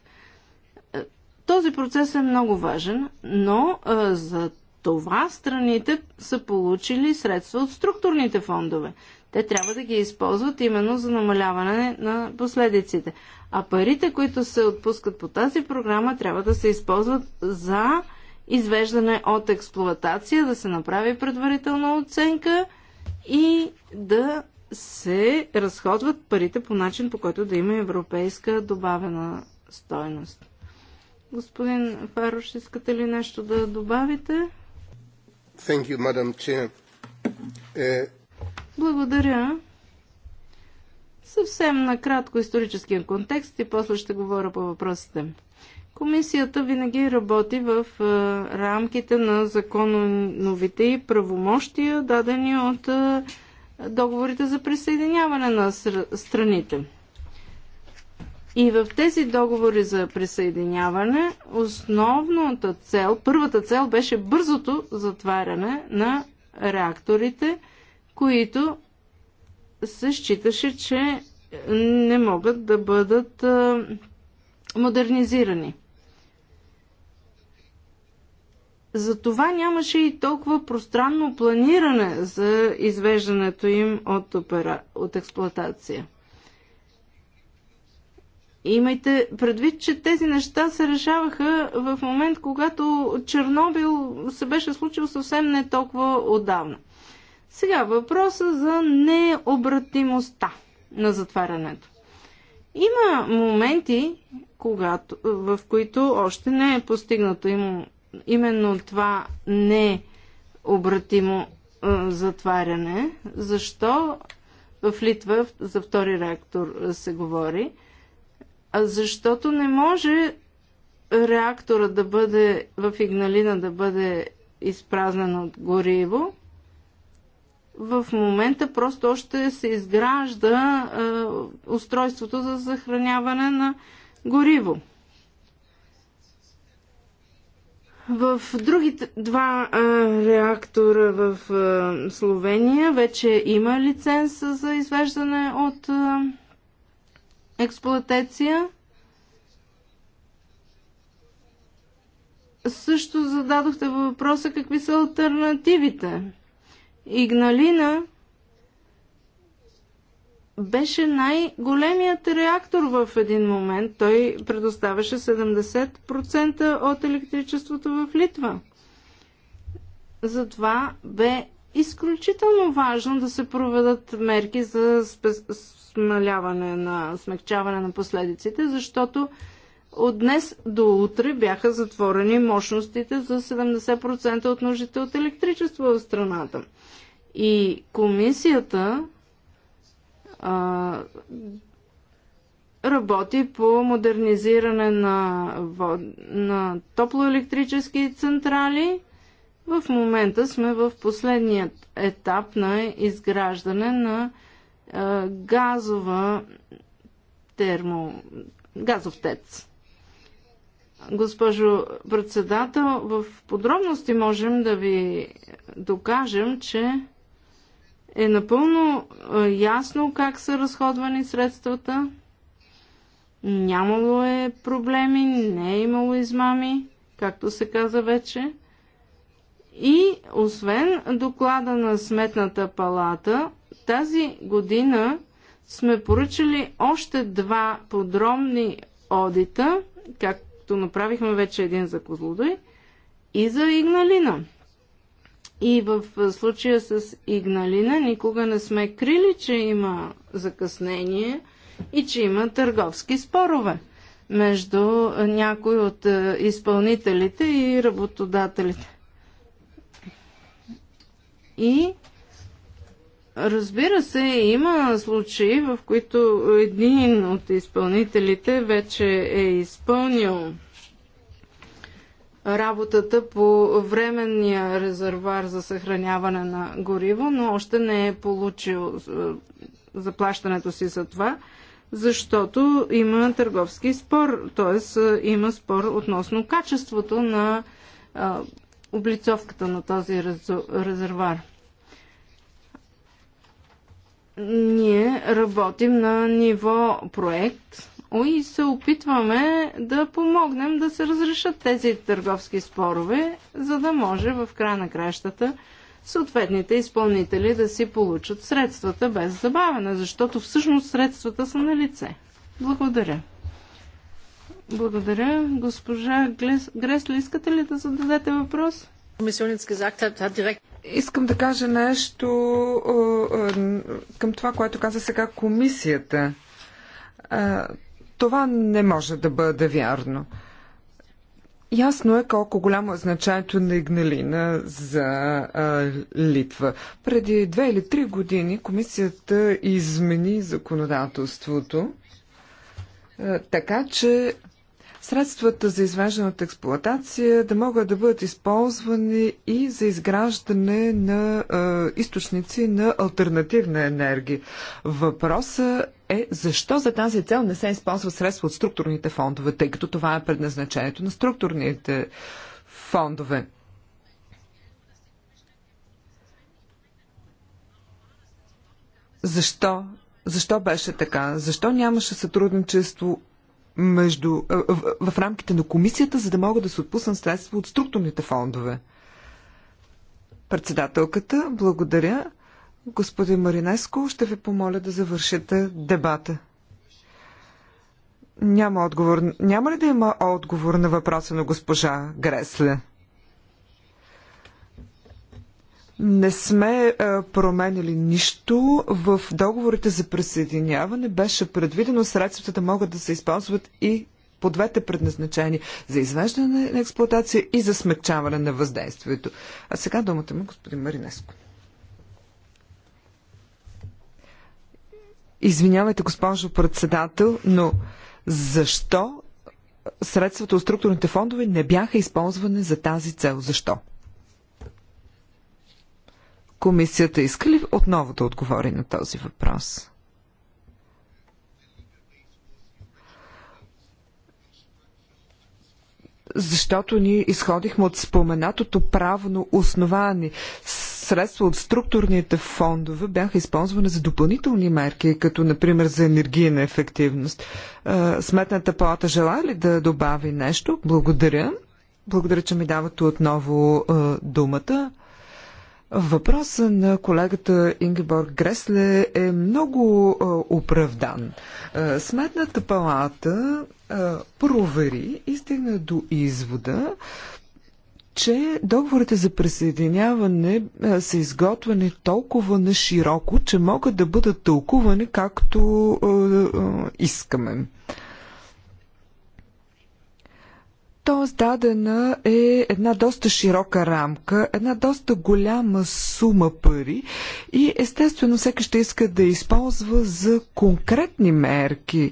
Е, този процес е много важен, но а, е, за това страните са получили средства от структурните фондове. Те трябва да ги използват именно за намаляване на последиците. А парите, които се отпускат по тази програма, трябва да се използват за извеждане от експлоатация, да се направи предварителна оценка и да се разходват парите по начин, по който да има европейска добавена стойност. Господин Фарош, искате ли нещо да добавите? Thank you, Madam Chair. Е, благодаря. Съвсем кратко историческия контекст и после ще говоря по въпросите. Комисията винаги работи в е, рамките на законовите и правомощия, дадени от е, договорите за присъединяване на страните. И в тези договори за присъединяване основната цел, първата цел беше бързото затваряне на реакторите – които се считаше, че не могат да бъдат модернизирани. Затова нямаше и толкова пространно планиране за извеждането им от, опера... от експлоатация. Имайте предвид, че тези неща се решаваха в момент, когато Чернобил се беше случил съвсем не толкова отдавна. Сега въпроса за необратимостта на затварянето. Има моменти, когато, в които още не е постигнато им, именно това необратимо е, затваряне. Защо в Литва за втори реактор се говори? Защото не може реактора да бъде в Игналина да бъде изпразнен от гориво, в момента просто още се изгражда е, устройството за съхраняване на гориво. В другите два а, реактора в а, Словения вече има лиценз за извеждане от а, експлуатация. Също зададохте въпроса какви са альтернативите. Игналина беше най-големият реактор в един момент. Той предоставяше 70% от електричеството в Литва. Затова бе изключително важно да се проведат мерки за спе... смаляване на смягчаване на последиците, защото от днес до утре бяха затворени мощностите за 70% от нуждите от електричество в страната. И комисията а, работи по модернизиране на, вод... на топлоелектрически централи. В момента сме в последният етап на изграждане на а, газова термо... газов тец. Госпожо председател, в подробности можем да ви докажем, че е напълно ясно как са разходвани средствата. Нямало е проблеми, не е имало измами, както се каза вече. И освен доклада на Сметната палата, тази година сме поръчали още два подробни одита, как като направихме вече един за Козлодой и за Игналина. И в случая с Игналина никога не сме крили, че има закъснение и че има търговски спорове между някои от е, изпълнителите и работодателите. И Разбира се, има случаи, в които един от изпълнителите вече е изпълнил работата по временния резервуар за съхраняване на гориво, но още не е получил е, заплащането си за това, защото има търговски спор, т.е. има спор относно качеството на е, облицовката на този резервуар ние работим на ниво проект и се опитваме да помогнем да се разрешат тези търговски спорове, за да може в края на кращата съответните изпълнители да си получат средствата без забавяне, защото всъщност средствата са на лице. Благодаря. Благодаря. Госпожа Гресло, искате ли да зададете въпрос? Комисионницки закт, директ Искам да кажа нещо към това, което каза сега комисията. Това не може да бъде вярно. Ясно е колко голямо е значението на Игналина за а, Литва. Преди две или три години комисията измени законодателството, а, така че средствата за извеждане от експлоатация да могат да бъдат използвани и за изграждане на е, източници на альтернативна енергия. Въпросът е защо за тази цел не се използва средства от структурните фондове, тъй като това е предназначението на структурните фондове. Защо? Защо беше така? Защо нямаше сътрудничество между, в, в рамките на комисията, за да могат да се отпуснат средства от структурните фондове. Председателката, благодаря. Господин Маринеско, ще ви помоля да завършите дебата. Няма отговор. Няма ли да има отговор на въпроса на госпожа Гресле? Не сме е, променили нищо. В договорите за присъединяване беше предвидено средствата да могат да се използват и по двете предназначени за извеждане на експлуатация и за смягчаване на въздействието. А сега думата му господин Маринеско. Извинявайте, госпожо председател, но защо средствата от структурните фондове не бяха използвани за тази цел? Защо? Комисията иска ли отново да отговори на този въпрос? Защото ние изходихме от споменатото правно основание. Средства от структурните фондове бяха използвани за допълнителни мерки, като например за енергийна ефективност. Сметната палата желая ли да добави нещо? Благодаря. Благодаря, че ми давате отново думата. Въпросът на колегата Ингеборг Гресле е много а, оправдан. А, сметната палата а, провери и стигна до извода, че договорите за присъединяване са изготвени толкова на широко, че могат да бъдат тълкувани както искаме. Тоест дадена е една доста широка рамка, една доста голяма сума пари и естествено всеки ще иска да използва за конкретни мерки.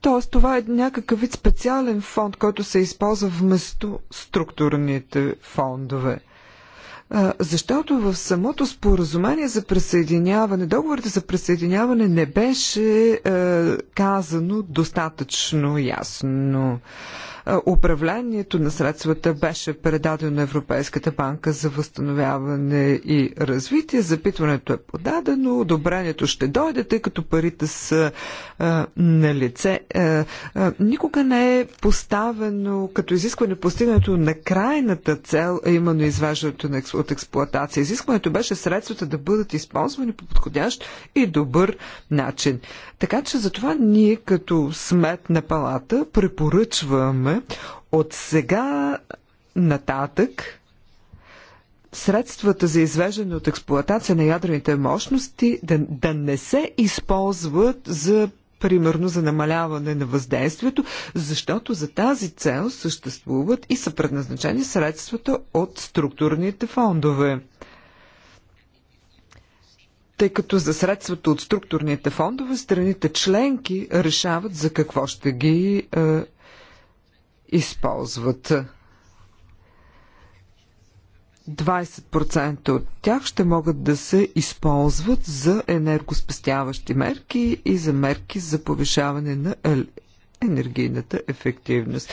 Тоест, това е някакъв вид специален фонд, който се използва вместо структурните фондове. Защото в самото споразумение за присъединяване, договорите за присъединяване не беше е, казано достатъчно ясно управлението на средствата беше предадено на Европейската банка за възстановяване и развитие. Запитването е подадено, одобрението ще дойде, тъй като парите са а, на лице. А, е, а, е, никога не е поставено като изискване постигането на крайната цел, а именно изваждането на, от експлоатация. Изискването беше средствата да бъдат използвани по подходящ и добър начин. Така че затова ние като сметна палата препоръчваме е, от сега нататък средствата за извеждане от експлоатация на ядрените мощности да, да не се използват за примерно за намаляване на въздействието, защото за тази цел съществуват и са предназначени средствата от структурните фондове. Тъй като за средствата от структурните фондове страните членки решават за какво ще ги е, използват. 20% от тях ще могат да се използват за енергоспестяващи мерки и за мерки за повишаване на енергийната ефективност.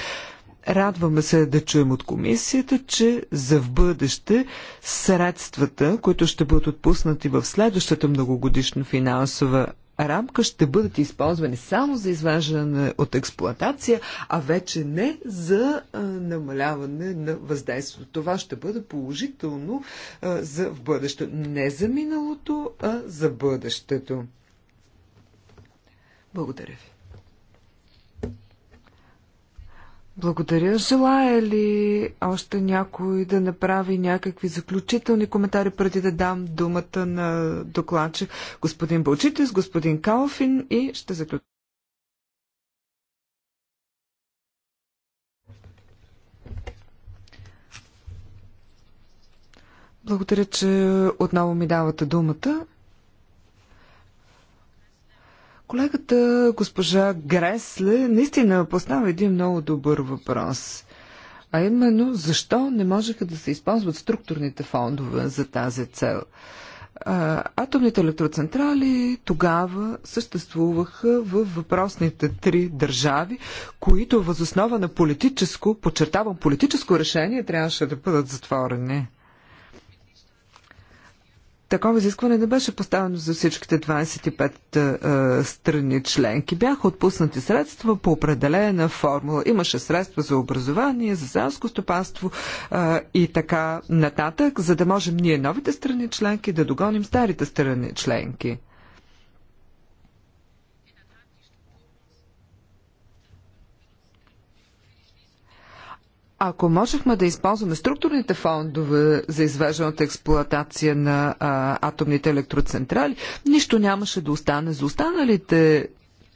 Радваме се да чуем от комисията, че за в бъдеще средствата, които ще бъдат отпуснати в следващата многогодишна финансова рамка ще бъдат използвани само за изваждане от експлоатация, а вече не за намаляване на въздействието. Това ще бъде положително за в бъдещето. Не за миналото, а за бъдещето. Благодаря ви. Благодаря. Желая ли още някой да направи някакви заключителни коментари преди да дам думата на докладче господин Бълчитис, господин Калфин и ще заключим. Благодаря, че отново ми давате думата. Колегата госпожа Гресле наистина поставя един много добър въпрос. А именно, защо не можеха да се използват структурните фондове за тази цел? атомните електроцентрали тогава съществуваха в въпросните три държави, които възоснова на политическо, подчертавам политическо решение, трябваше да бъдат затворени. Такова изискване не беше поставено за всичките 25 страни членки. Бяха отпуснати средства по определена формула. Имаше средства за образование, за селско стопанство и така нататък, за да можем ние новите страни членки да догоним старите страни членки. Ако можехме да използваме структурните фондове за извеждане експлоатация на а, атомните електроцентрали, нищо нямаше да остане за останалите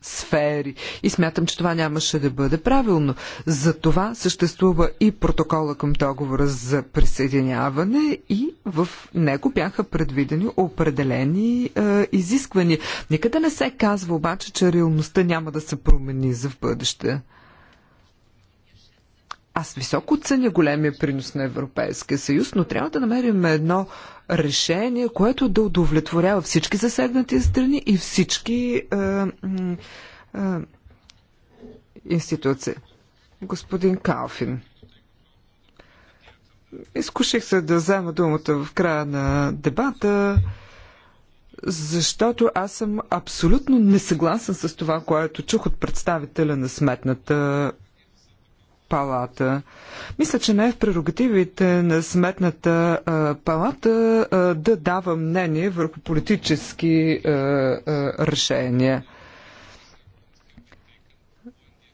сфери. И смятам, че това нямаше да бъде правилно. За това съществува и протокола към договора за присъединяване и в него бяха предвидени определени е, изисквания. Никъде не се казва обаче, че реалността няма да се промени за в бъдеще. Аз високо ценя големия принос на Европейския съюз, но трябва да намерим едно решение, което да удовлетворява всички засегнати страни и всички е, е, институции. Господин Калфин. Изкуших се да взема думата в края на дебата, защото аз съм абсолютно несъгласен с това, което чух от представителя на Сметната палата. Мисля, че не е в прерогативите на сметната а, палата а, да дава мнение върху политически а, а, решения.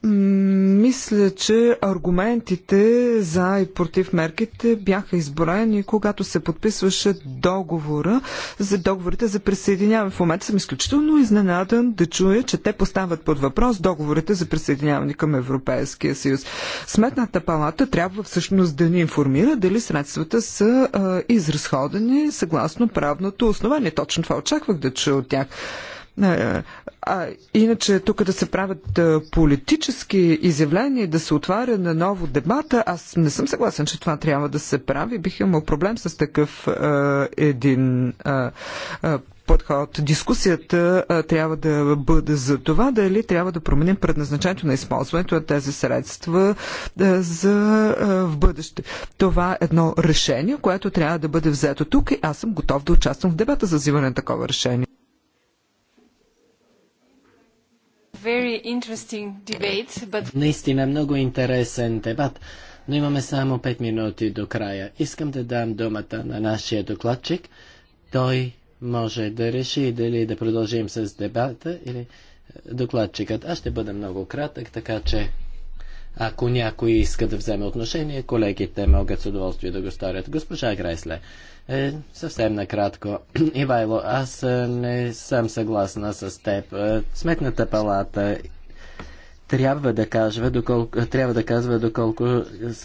Мисля, че аргументите за и против мерките бяха изброени, когато се подписваше договора за договорите за присъединяване. В момента съм изключително изненадан да чуя, че те поставят под въпрос договорите за присъединяване към Европейския съюз. Сметната палата трябва всъщност да ни информира дали средствата са а, изразходени съгласно правното основание. Точно това очаквах да чуя от тях. Не, а, иначе тук да се правят е, политически изявления, да се отваря на ново дебата, аз не съм съгласен, че това трябва да се прави. Бих имал проблем с такъв а, е, един а, е, а, подход. Дискусията а, трябва да бъде за това дали трябва да променим предназначението на използването на тези средства а, за а, в бъдеще. Това е едно решение, което трябва да бъде взето тук и аз съм готов да участвам в дебата за взимане на такова решение. Debate, Наистина е много интересен дебат, но имаме само 5 минути до края. Искам да дам думата на нашия докладчик. Той може да реши дали да продължим с дебата или е, докладчикът. Аз ще бъда много кратък, така че ако някой иска да вземе отношение, колегите могат с удоволствие да го сторят. Госпожа Гресле, е, съвсем накратко. Ивайло, аз е, не съм съгласна с теб. Е, Сметната палата трябва да, казва доколко, трябва да казва доколко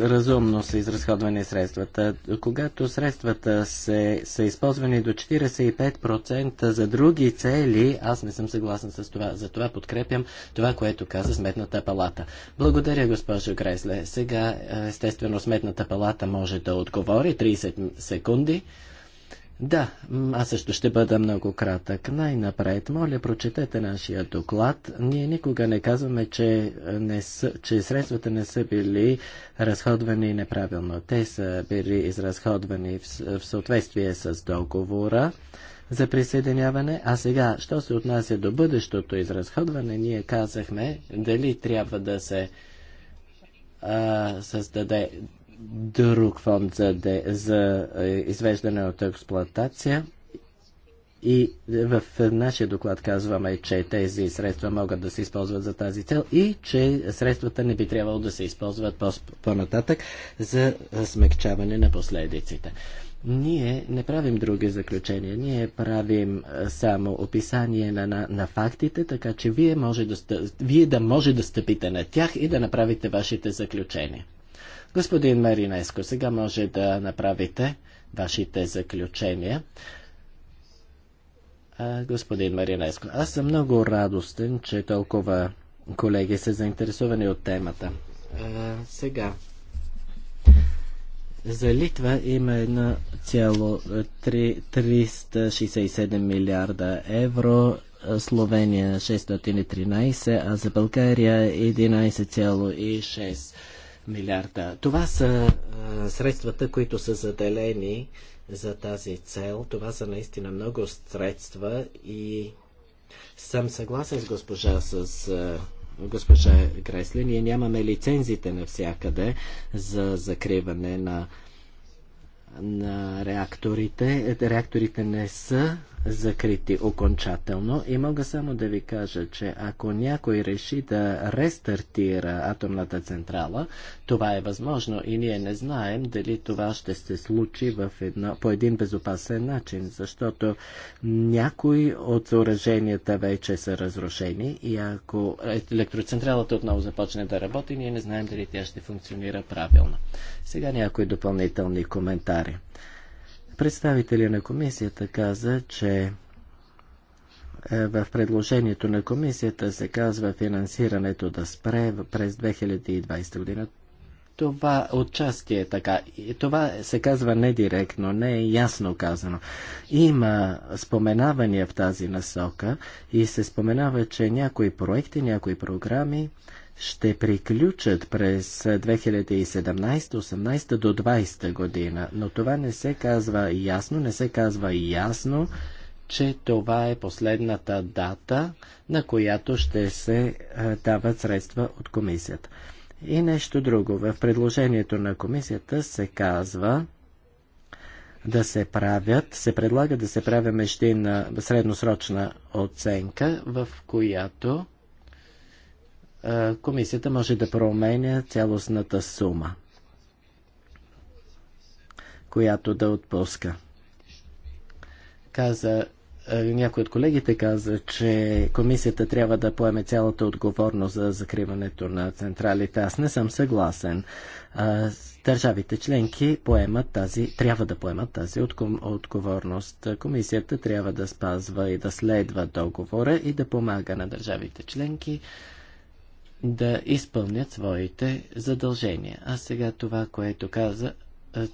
разумно са изразходвани средствата. Когато средствата се, са използвани до 45% за други цели, аз не съм съгласен с това. Затова подкрепям това, което каза Сметната палата. Благодаря, госпожо Гресле. Сега, естествено, Сметната палата може да отговори 30 секунди. Да, аз също ще бъда много кратък. Най-напред, моля, прочетете нашия доклад. Ние никога не казваме, че, не са, че средствата не са били разходвани неправилно. Те са били изразходвани в, в съответствие с договора за присъединяване. А сега, що се отнася до бъдещото изразходване, ние казахме дали трябва да се а, създаде друг фонд за, де, за е, извеждане от експлоатация. И в нашия доклад казваме, че тези средства могат да се използват за тази цел и че средствата не би трябвало да се използват по-нататък по за смягчаване на последиците. Ние не правим други заключения, ние правим е, само описание на, на, на фактите, така че вие, може да, вие да може да стъпите на тях и да направите вашите заключения. Господин Маринеско, сега може да направите вашите заключения. А, господин Маринеско, аз съм много радостен, че толкова колеги са заинтересувани от темата. А, сега, за Литва има 1,367 милиарда евро, Словения 613, а за България 11,6 милиарда. Това са а, е, средствата, които са заделени за тази цел. Това са наистина много средства и съм съгласен с госпожа с а, е, госпожа Гресли. Ние нямаме лицензите навсякъде за закриване на на реакторите. Реакторите не са закрити окончателно и мога само да ви кажа, че ако някой реши да рестартира атомната централа, това е възможно и ние не знаем дали това ще се случи в едно, по един безопасен начин, защото някои от съоръженията вече са разрушени и ако електроцентралата отново започне да работи, ние не знаем дали тя ще функционира правилно. Сега някои допълнителни коментари. Представителя на комисията каза, че е, в предложението на комисията се казва финансирането да спре през 2020 година. Това отчасти е така. И това се казва не директно, не е ясно казано. Има споменавания в тази насока и се споменава, че някои проекти, някои програми ще приключат през 2017-18 до 20 година, но това не се казва ясно, не се казва ясно, че това е последната дата, на която ще се дават средства от комисията. И нещо друго. В предложението на комисията се казва да се правят, се предлага да се прави междинна средносрочна оценка, в която е, комисията може да променя цялостната сума, която да отпуска. Каза, е, някой от колегите каза, че комисията трябва да поеме цялата отговорност за закриването на централите. Аз не съм съгласен. Е, държавите членки поемат тази, трябва да поемат тази отговорност. Комисията трябва да спазва и да следва договора и да помага на държавите членки да изпълнят своите задължения. А сега това, което каза,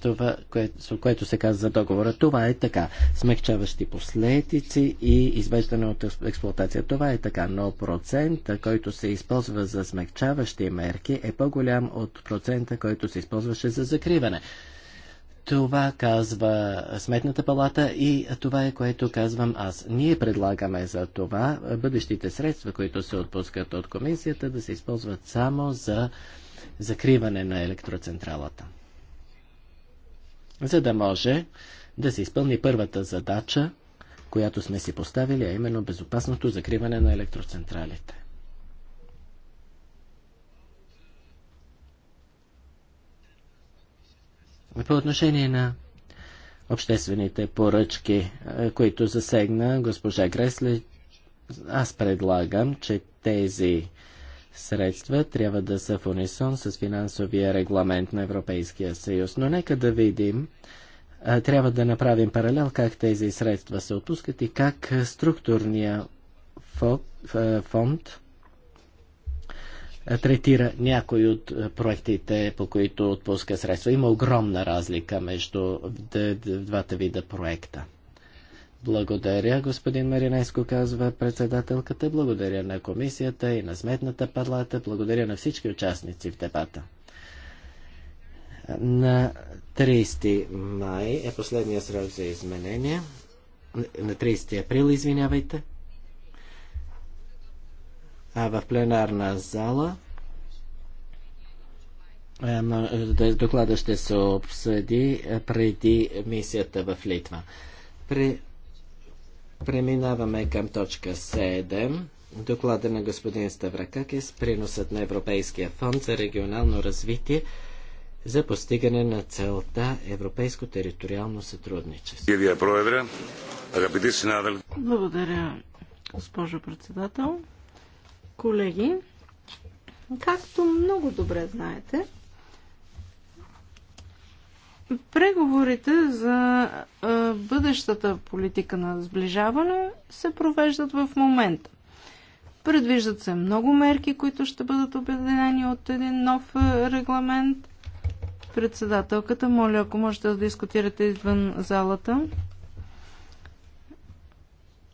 това, което, което се каза за договора, това е така. Смягчаващи последици и извеждане от експлуатация. Това е така, но процента, който се използва за смягчаващи мерки е по-голям от процента, който се използваше за закриване. Това казва Сметната палата и това е което казвам аз. Ние предлагаме за това бъдещите средства, които се отпускат от комисията, да се използват само за закриване на електроцентралата. За да може да се изпълни първата задача, която сме си поставили, а именно безопасното закриване на електроцентралите. По отношение на обществените поръчки, които засегна госпожа Гресли, аз предлагам, че тези средства трябва да са в унисон с финансовия регламент на Европейския съюз. Но нека да видим, трябва да направим паралел как тези средства се отпускат и как структурния фонд е, третира някои от е, проектите, по които отпуска средства. Има огромна разлика между двата вида проекта. Благодаря, господин Маринеско, казва председателката. Благодаря на комисията и на сметната палата. Благодаря на всички участници в дебата. На 30 май е последния срок за изменения. На 30 април, извинявайте а в пленарна зала. Е, доклада ще се обсъди е, преди мисията в Литва. При... Преминаваме към точка 7. Доклада на господин Ставракакис, приносът на Европейския фонд за регионално развитие за постигане на целта Европейско териториално сътрудничество. Благодаря, госпожо председател. Колеги, както много добре знаете, преговорите за бъдещата политика на сближаване се провеждат в момента. Предвиждат се много мерки, които ще бъдат обединени от един нов регламент. Председателката, моля, ако можете да дискутирате извън залата.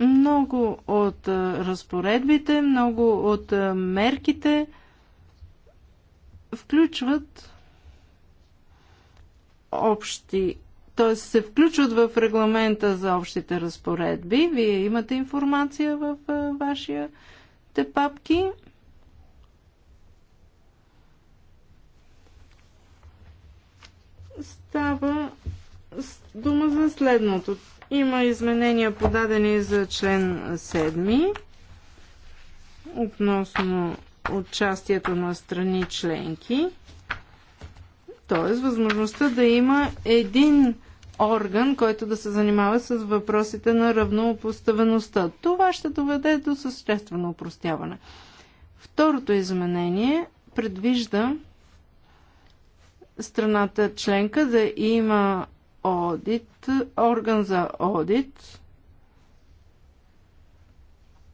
Много от разпоредбите, много от мерките включват общи, т.е. се включват в регламента за общите разпоредби. Вие имате информация в вашите папки. Става дума за следното. Има изменения подадени за член 7 относно участието на страни членки, т.е. възможността да има един орган, който да се занимава с въпросите на равнопоставеността. Това ще доведе до съществено упростяване. Второто изменение предвижда страната членка да има одит, орган за одит,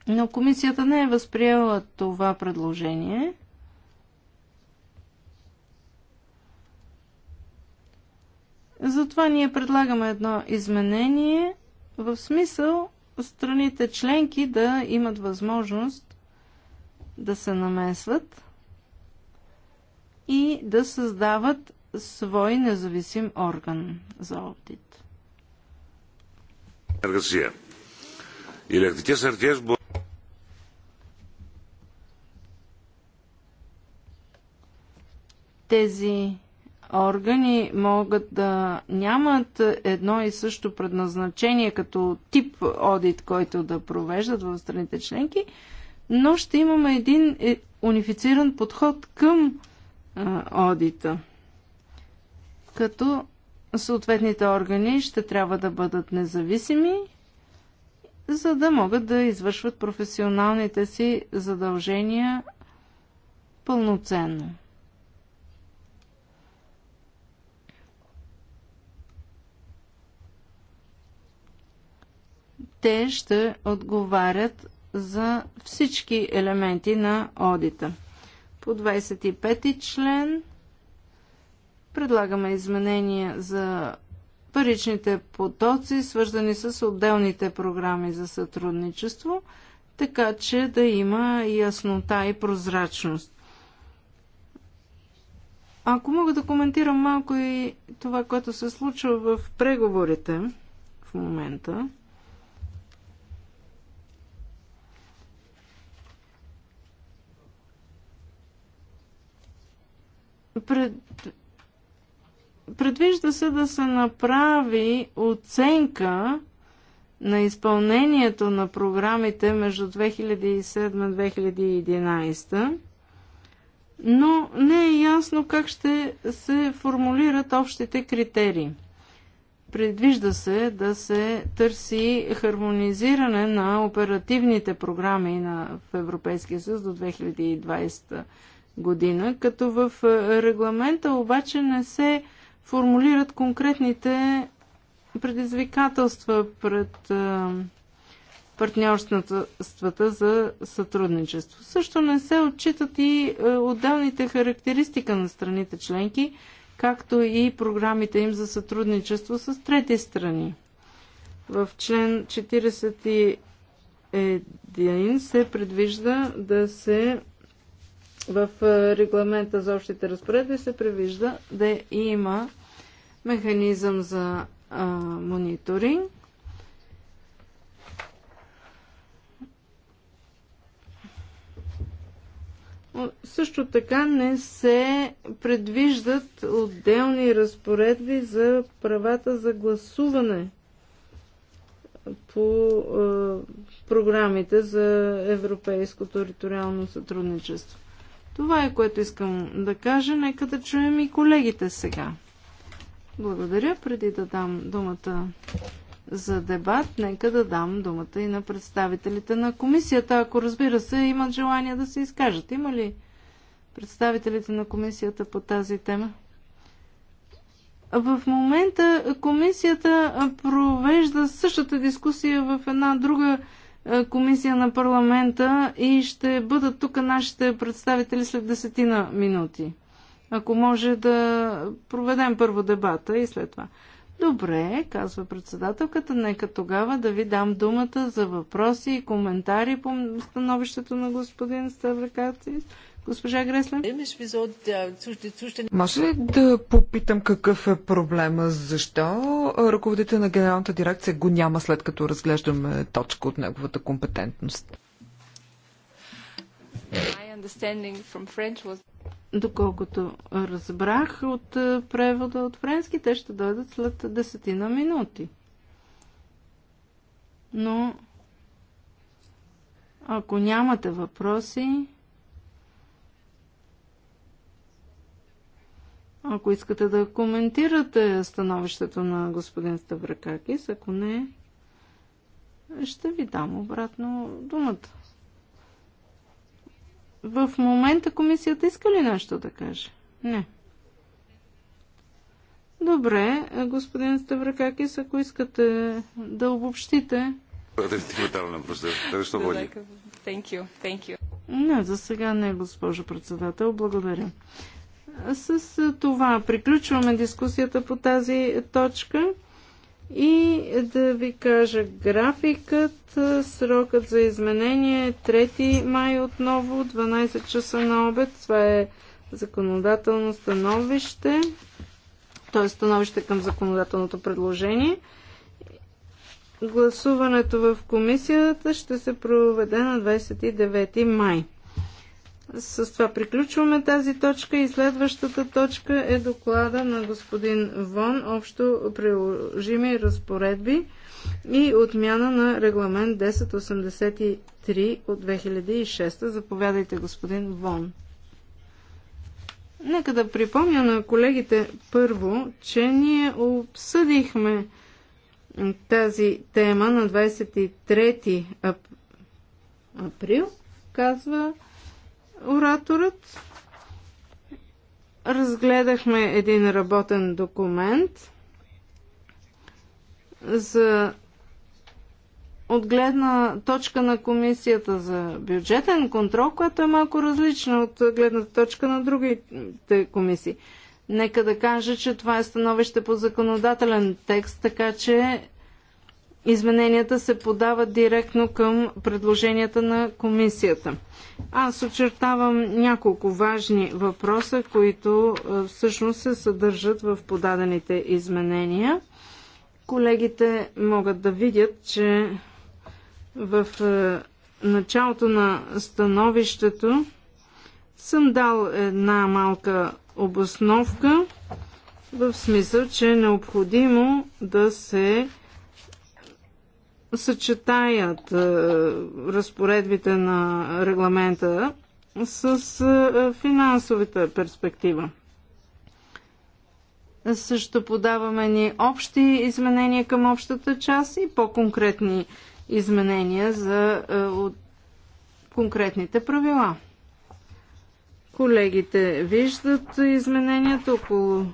но комисията не е възприела това предложение. Затова ние предлагаме едно изменение в смисъл страните членки да имат възможност да се намесват и да създават свой независим орган за опит. Тези органи могат да нямат едно и също предназначение като тип одит, който да провеждат в страните членки, но ще имаме един е, унифициран подход към а, одита като съответните органи ще трябва да бъдат независими, за да могат да извършват професионалните си задължения пълноценно. Те ще отговарят за всички елементи на одита. По 25 член – Предлагаме изменения за паричните потоци, свързани с отделните програми за сътрудничество, така че да има яснота и прозрачност. Ако мога да коментирам малко и това, което се случва в преговорите в момента, пред, Предвижда се да се направи оценка на изпълнението на програмите между 2007-2011, но не е ясно как ще се формулират общите критерии. Предвижда се да се търси хармонизиране на оперативните програми на, в Европейския съюз до 2020 година, като в регламента обаче не се формулират конкретните предизвикателства пред партньорствата за сътрудничество. Също не се отчитат и отделните характеристика на страните членки, както и програмите им за сътрудничество с трети страни. В член 41 се предвижда да се в е, регламента за общите разпоредби се превижда да има механизъм за а, мониторинг. Също така не се предвиждат отделни разпоредби за правата за гласуване по е, програмите за европейско териториално сътрудничество. Това е което искам да кажа. Нека да чуем и колегите сега. Благодаря. Преди да дам думата за дебат, нека да дам думата и на представителите на комисията, ако разбира се имат желание да се изкажат. Има ли представителите на комисията по тази тема? В момента комисията провежда същата дискусия в една друга е, комисия на парламента и ще бъдат тук нашите представители след десетина минути. Ако може да проведем първо дебата и след това. Добре, казва председателката, нека тогава да ви дам думата за въпроси и коментари по становището на господин Ставракацис. Госпожа Греслен. Може ли да попитам какъв е проблема? Защо ръководител на генералната дирекция го няма след като разглеждаме точка от неговата компетентност? Доколкото разбрах от е, превода от френски, те ще дойдат след десетина минути. Но ако нямате въпроси, Ако искате да коментирате становището на господин Ставракакис, ако не, ще ви дам обратно думата. В момента комисията иска ли нещо да каже? Не. Добре, господин Ставракакис, ако искате да обобщите. Не, за сега не, госпожо председател. Благодаря. С това приключваме дискусията по тази точка и да ви кажа графикът. Срокът за изменение е 3 май отново, 12 часа на обед. Това е законодателно становище, т.е. становище към законодателното предложение. Гласуването в комисията ще се проведе на 29 май. С това приключваме тази точка и следващата точка е доклада на господин Вон, общо приложими разпоредби и отмяна на регламент 1083 от 2006. Заповядайте, господин Вон. Нека да припомня на колегите първо, че ние обсъдихме тази тема на 23 април, казва ораторът. Разгледахме един работен документ за отгледна точка на комисията за бюджетен контрол, която е малко различна от гледната точка на другите комисии. Нека да кажа, че това е становище по законодателен текст, така че измененията се подават директно към предложенията на комисията. Аз очертавам няколко важни въпроса, които е, всъщност се съдържат в подадените изменения. Колегите могат да видят, че в е, началото на становището съм дал една малка обосновка в смисъл, че е необходимо да се съчетаят е, разпоредбите на регламента с е, финансовата перспектива. Също подаваме ни общи изменения към общата част и по-конкретни изменения за е, от конкретните правила. Колегите виждат измененията около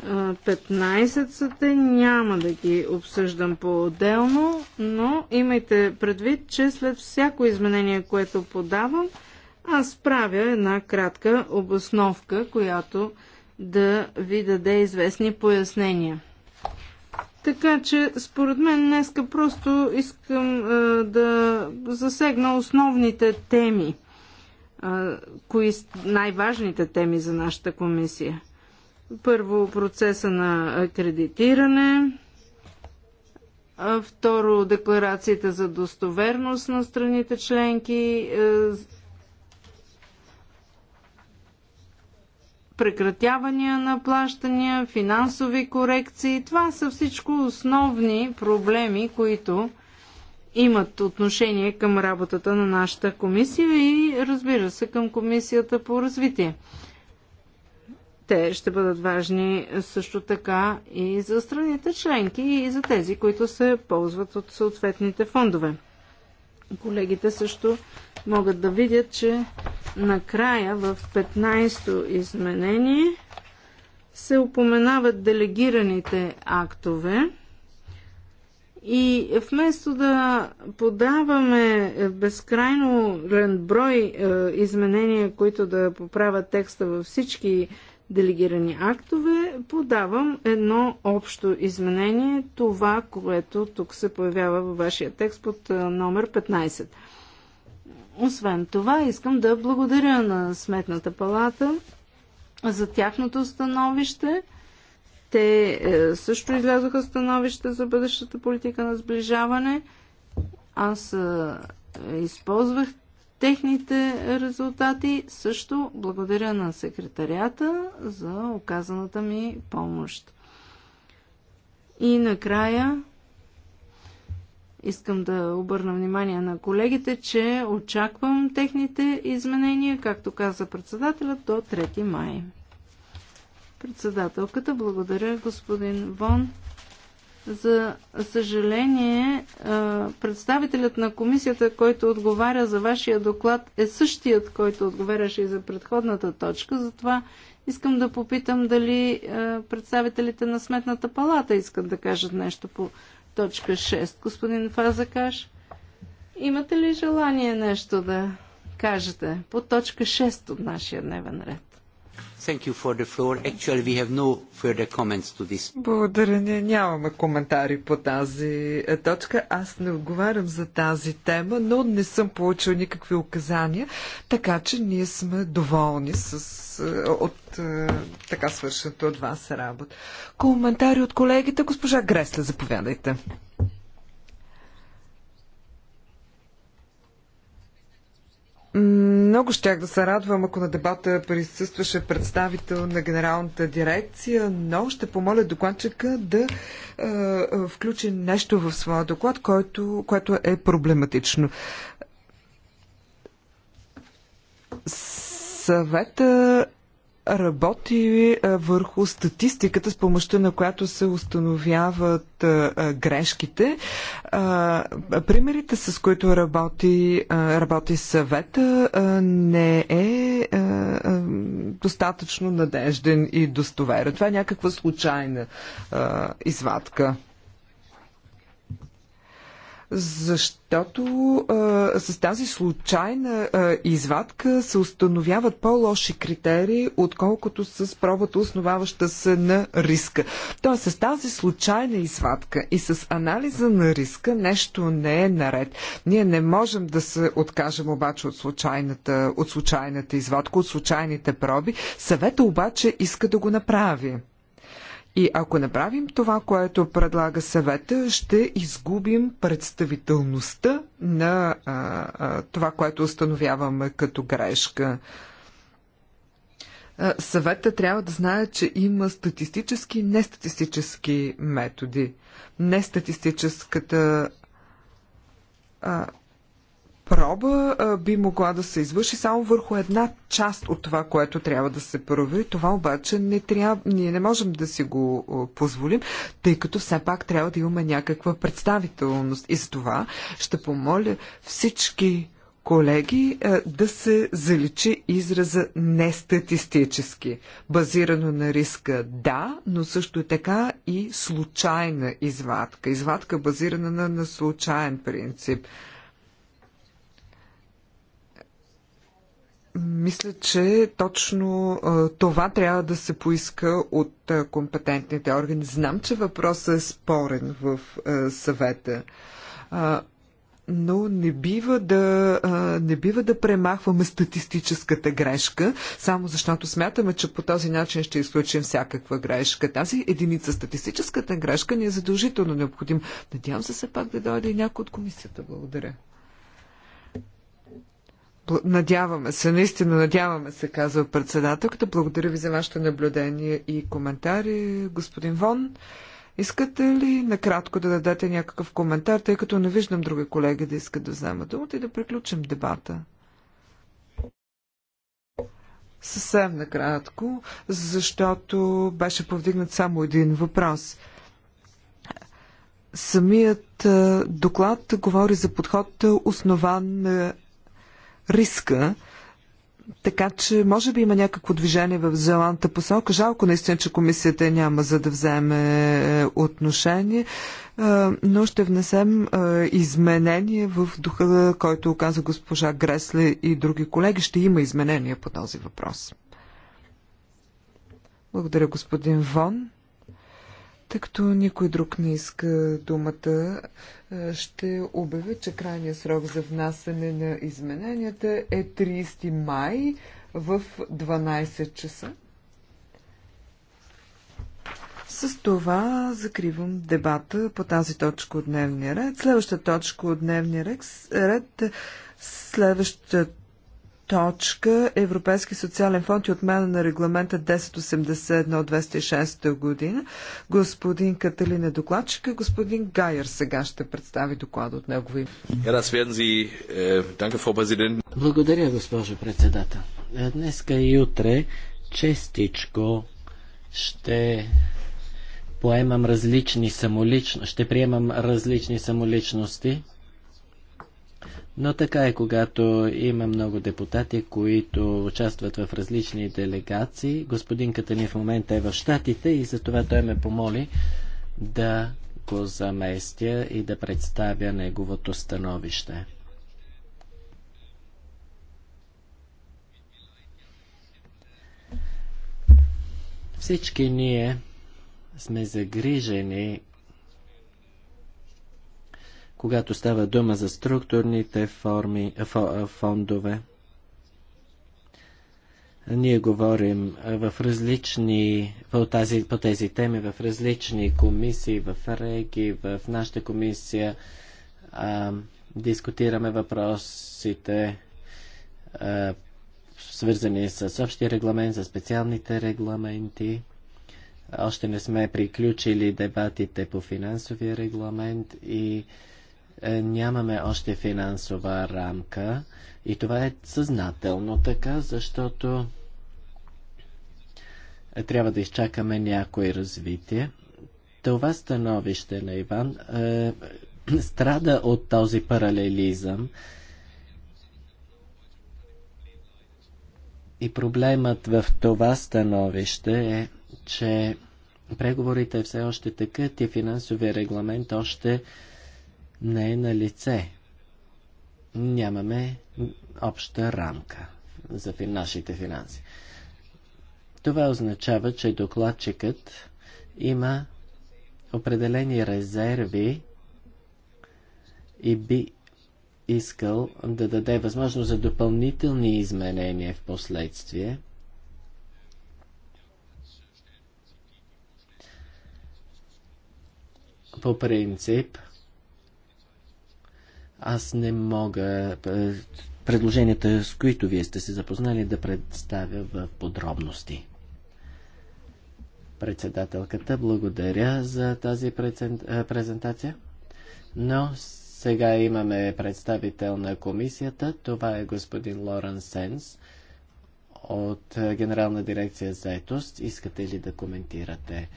15-те няма да ги обсъждам по-отделно, но имайте предвид, че след всяко изменение, което подавам, аз правя една кратка обосновка, която да ви даде известни пояснения. Така че, според мен, днеска просто искам да засегна основните теми, кои най-важните теми за нашата комисия. Първо процеса на акредитиране, второ декларациите за достоверност на страните членки, е, прекратявания на плащания, финансови корекции. Това са всичко основни проблеми, които имат отношение към работата на нашата комисия и разбира се към комисията по развитие. Те ще бъдат важни също така и за страните членки и за тези, които се ползват от съответните фондове. Колегите също могат да видят, че накрая в 15-то изменение се упоменават делегираните актове. И вместо да подаваме безкрайно брой е, изменения, които да поправят текста във всички делегирани актове, подавам едно общо изменение, това, което тук се появява във вашия текст под номер 15. Освен това, искам да благодаря на Сметната палата за тяхното становище. Те е, също излязоха становище за бъдещата политика на сближаване. Аз е, използвах техните резултати. Също благодаря на секретарията за оказаната ми помощ. И накрая искам да обърна внимание на колегите, че очаквам техните изменения, както каза председателят, до 3 май. Председателката, благодаря господин Вон. За съжаление, е, представителят на комисията, който отговаря за вашия доклад, е същият, който отговаряше и за предходната точка. Затова искам да попитам дали е, представителите на Сметната палата искат да кажат нещо по точка 6. Господин Фазакаш, имате ли желание нещо да кажете по точка 6 от нашия дневен ред? Thank you for the floor. Actually, we have no further comments to this. Благодаря. Ние нямаме коментари по тази е, точка. Аз не отговарям за тази тема, но не съм получил никакви указания, така че ние сме доволни с, е, от е, така свършената от вас работа. Коментари от колегите. Госпожа Гресле, заповядайте. Много щях да се радвам, ако на дебата присъстваше представител на генералната дирекция, но ще помоля докладчика да е, е включи нещо в своя доклад, който, което е проблематично. Съвета работи е, върху статистиката, с помощта на която се установяват е, е, грешките. Примерите, с които работи, работи съвета, не е достатъчно надежден и достоверен. Това е някаква случайна извадка защото а, с тази случайна а, извадка се установяват по-лоши критерии, отколкото с пробата, основаваща се на риска. Тоест, с тази случайна извадка и с анализа на риска нещо не е наред. Ние не можем да се откажем обаче от случайната, от случайната извадка, от случайните проби. Съвета обаче иска да го направи. И ако направим това, което предлага съвета, ще изгубим представителността на а, а, това, което установяваме като грешка. съвета трябва да знае, че има статистически и нестатистически методи. Нестатистическата проба би могла да се извърши само върху една част от това, което трябва да се провери. Това обаче не трябва, ние не можем да си го позволим, тъй като все пак трябва да имаме някаква представителност. И за това ще помоля всички колеги да се заличи израза нестатистически. Базирано на риска да, но също така и случайна извадка. Извадка базирана на, на случайен принцип. Мисля, че точно това трябва да се поиска от компетентните органи. Знам, че въпросът е спорен в съвета но не бива да, не бива да премахваме статистическата грешка, само защото смятаме, че по този начин ще изключим всякаква грешка. Тази единица статистическата грешка ни е задължително необходим. Надявам се все пак да дойде и някой от комисията. Благодаря. Надяваме се, наистина надяваме се, казва председателката. Благодаря ви за вашето наблюдение и коментари, господин Вон. Искате ли накратко да дадете някакъв коментар, тъй като не виждам други колеги да искат да вземат думата и да приключим дебата? Съвсем накратко, защото беше повдигнат само един въпрос. Самият доклад говори за подход основан на риска. Така че може би има някакво движение в зеланта посока. Жалко наистина, че комисията няма за да вземе е, отношение, е, но ще внесем е, изменение в духа, който оказа госпожа Гресле и други колеги. Ще има изменения по този въпрос. Благодаря, господин Вон. Тъй като никой друг не иска думата, е, ще обявя, че крайният срок за внасяне на измененията е 30 май в 12 часа. С това закривам дебата по тази точка от дневния ред. Следваща точка от дневния ред, следващата точка Европейски социален фонд и отмяна на регламента 1081-206 година. Господин Каталин е докладчик и господин Гайер сега ще представи доклад от него. Äh, Благодаря, госпожо председател. Е, днеска и утре честичко ще поемам различни самоличности, ще приемам различни самоличности но така е, когато има много депутати, които участват в различни делегации. Господин Катани в момента е в Штатите и затова той ме помоли да го заместя и да представя неговото становище. Всички ние сме загрижени когато става дума за структурните форми, фондове. Ние говорим в различни, по, тази, по тези теми в различни комисии, в реги, в нашата комисия. А, дискутираме въпросите, а, свързани с общия регламент, за специалните регламенти. Още не сме приключили дебатите по финансовия регламент и а, е, нямаме още финансова рамка и това е съзнателно така, защото е, трябва да изчакаме някое развитие. Това становище на Иван е, страда от този паралелизъм и проблемът в това становище е, че преговорите все още така и финансовия регламент още не е на лице. Нямаме обща рамка за нашите финанси. Това означава, че докладчикът има определени резерви и би искал да даде възможност за допълнителни изменения в последствие. По принцип, аз не мога е, предложенията, с които вие сте се запознали, да представя в подробности. Председателката, благодаря за тази е, презентация. Но сега имаме представител на комисията. Това е господин Лорен Сенс от Генерална дирекция за етост. Искате ли да коментирате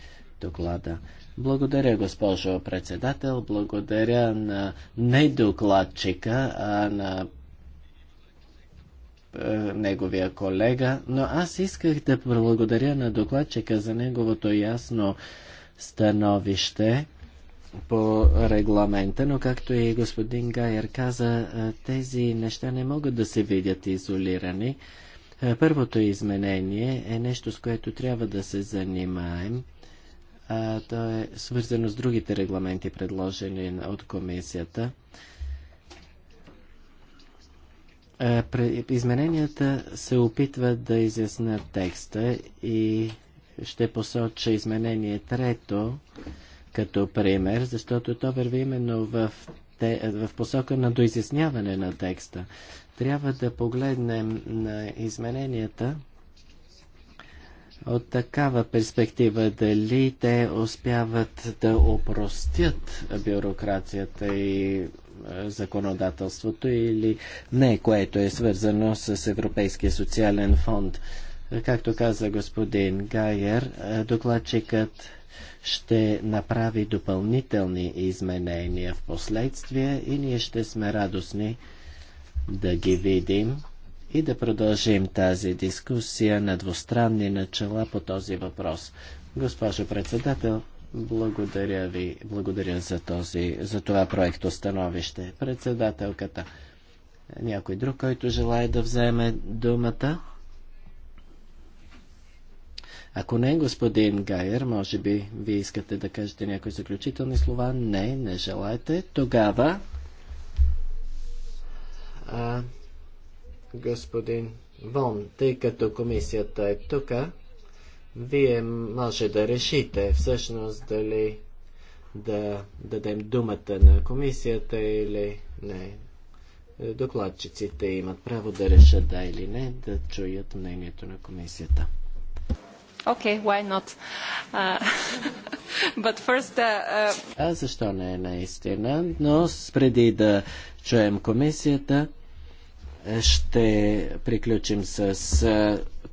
доклада? Благодаря, госпожо председател. Благодаря на не докладчика, а на е, неговия колега, но аз исках да благодаря на докладчика за неговото ясно становище по регламента, но както и господин Гайер каза, е, тези неща не могат да се видят изолирани. Е, първото изменение е нещо, с което трябва да се занимаем а, то е свързано с другите регламенти, предложени от комисията. А, измененията се опитват да изяснят текста и ще посоча изменение трето като пример, защото то върви именно в, те, в посока на доизясняване на текста. Трябва да погледнем на измененията от такава перспектива дали те успяват да опростят бюрокрацията и е, законодателството или не, което е свързано с Европейския социален фонд. Както каза господин Гайер, е, докладчикът ще направи допълнителни изменения в последствие и ние ще сме радостни да ги видим и да продължим тази дискусия на двустранни начала по този въпрос. Госпожо председател, благодаря ви, благодаря за, този, за това проекто становище. Председателката, някой друг, който желая да вземе думата? Ако не, господин Гайер, може би вие искате да кажете някои заключителни слова. Не, не желаете. Тогава а, господин Вон, тъй като комисията е тук, вие може да решите всъщност дали да дадем думата на комисията или не. Докладчиците имат право да решат да или не, да чуят мнението на комисията. Окей, okay, why not? Uh, but first, uh, uh... А защо не е наистина? Но преди да чуем комисията, ще приключим с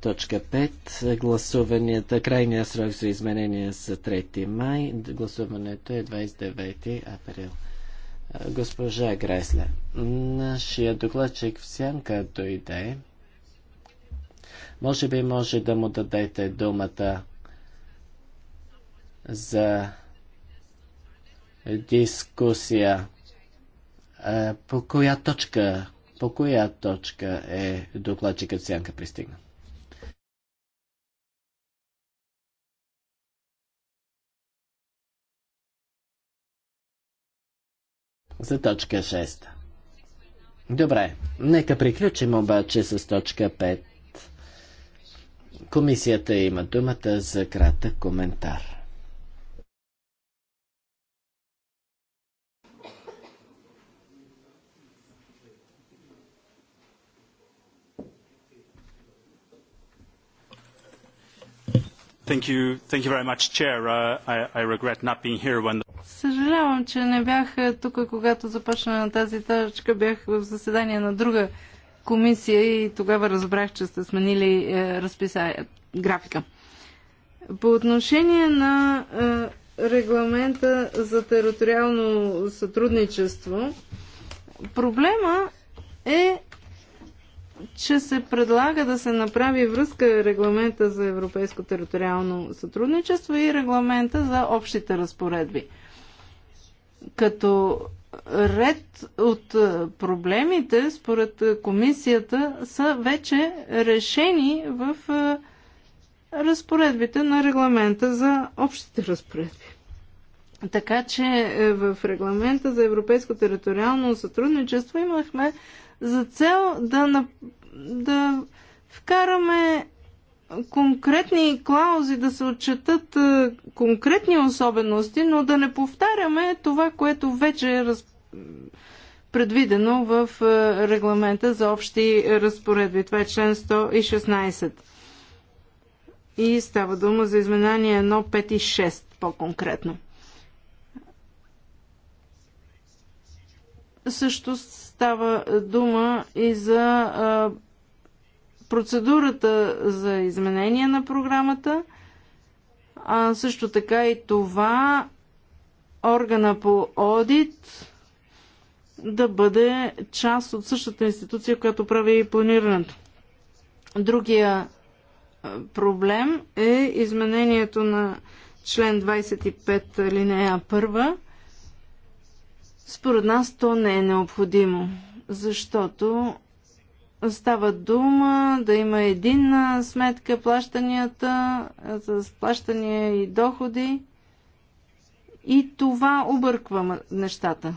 точка 5. Гласуванията, крайния срок за изменение са 3 май. Гласуването е 29 април. Госпожа Гресле, нашия докладчик в сянка дойде. Може би може да му дадете думата за дискусия. По коя точка по коя точка е докладчикът Сянка пристигна? За точка 6. Добре, нека приключим обаче с точка 5. Комисията има думата за кратък коментар. Thank you, thank you very much, Chair. Uh, I, I regret not being here when... Съжалявам, че не бях е, тук, когато започна на тази точка. Бях в заседание на друга комисия и тогава разбрах, че сте сменили е, разписа... Е, графика. По отношение на е, регламента за териториално сътрудничество, проблема е, че се предлага да се направи връзка регламента за европейско териториално сътрудничество и регламента за общите разпоредби. Като ред от проблемите, според комисията, са вече решени в разпоредбите на регламента за общите разпоредби. Така че е, в регламента за европейско териториално сътрудничество имахме за цел да, да вкараме конкретни клаузи, да се отчетат е, конкретни особености, но да не повтаряме това, което вече е раз... предвидено в е, регламента за общи разпоредби. Това е член 116. И става дума за изменения 1, 5 и 6 по-конкретно. Също става дума и за процедурата за изменение на програмата, а също така и това органа по одит да бъде част от същата институция, която прави и планирането. Другия проблем е изменението на член 25 линея 1 според нас то не е необходимо, защото става дума да има единна сметка плащанията, с плащания и доходи. И това обърква нещата.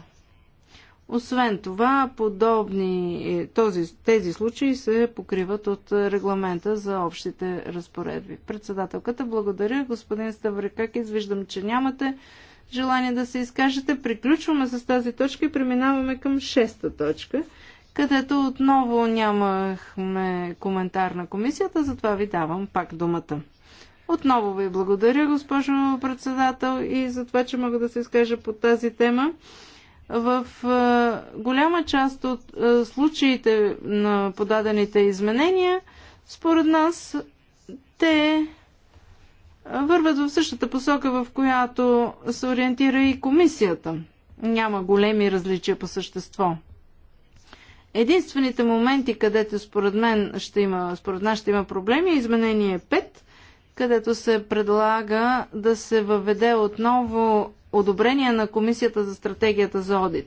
Освен това, подобни е, този, тези случаи се покриват от регламента за общите разпоредби. Председателката, благодаря. Господин Ставрикак. Извиждам, че нямате желание да се изкажете. Приключваме с тази точка и преминаваме към шеста точка, където отново нямахме коментар на комисията, затова ви давам пак думата. Отново ви благодаря, госпожо председател, и за това, че мога да се изкажа по тази тема. В голяма част от случаите на подадените изменения, според нас, те върват в същата посока, в която се ориентира и комисията. Няма големи различия по същество. Единствените моменти, където според мен ще има, според нас ще има проблеми, е изменение 5, където се предлага да се въведе отново одобрение на Комисията за стратегията за одит.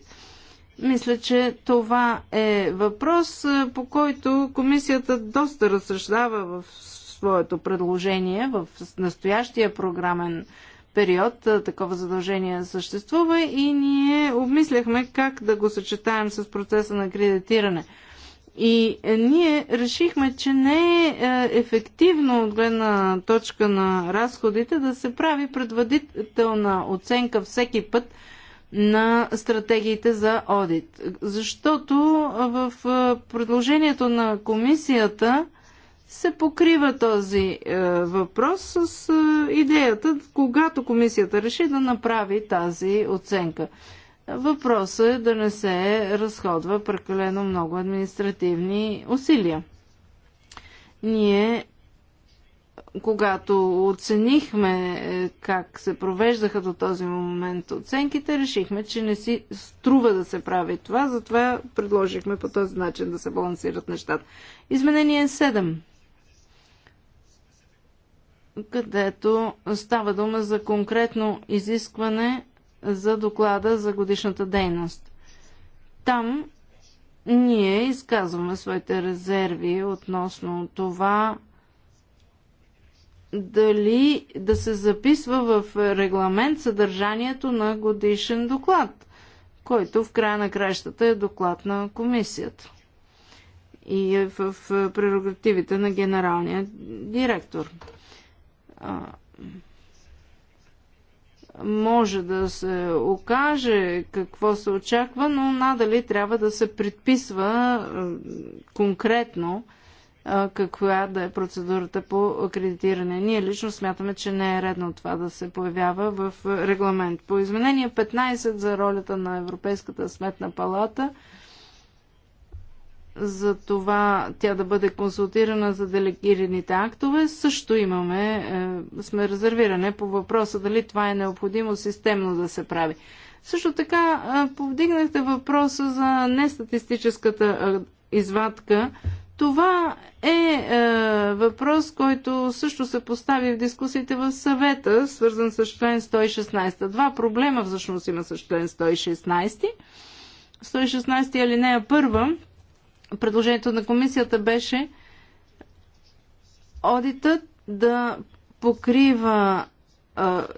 Мисля, че това е въпрос, по който комисията доста разсъждава в своето предложение в настоящия програмен период такова задължение съществува и ние обмисляхме как да го съчетаем с процеса на кредитиране. И е, ние решихме, че не е, е ефективно от гледна точка на разходите да се прави предварителна оценка всеки път на стратегиите за одит. Защото в предложението на комисията се покрива този е, въпрос с е, идеята, когато комисията реши да направи тази оценка. Въпросът е да не се разходва прекалено много административни усилия. Ние, когато оценихме е, как се провеждаха до този момент оценките, решихме, че не си струва да се прави това, затова предложихме по този начин да се балансират нещата. Изменение 7 където става дума за конкретно изискване за доклада за годишната дейност. Там ние изказваме своите резерви относно това дали да се записва в регламент съдържанието на годишен доклад, който в края на кращата е доклад на комисията и е в прерогативите на генералния директор може да се окаже какво се очаква, но надали трябва да се предписва конкретно каква да е процедурата по акредитиране. Ние лично смятаме, че не е редно това да се появява в регламент. По изменение 15 за ролята на Европейската сметна палата – за това тя да бъде консултирана за делегираните актове, също имаме, е, сме резервиране по въпроса дали това е необходимо системно да се прави. Също така е, повдигнахте въпроса за нестатистическата е, извадка. Това е, е въпрос, който също се постави в дискусиите в съвета, свързан с член 116. Два проблема всъщност има с член 116. 116 алинея първа предложението на комисията беше одитът да покрива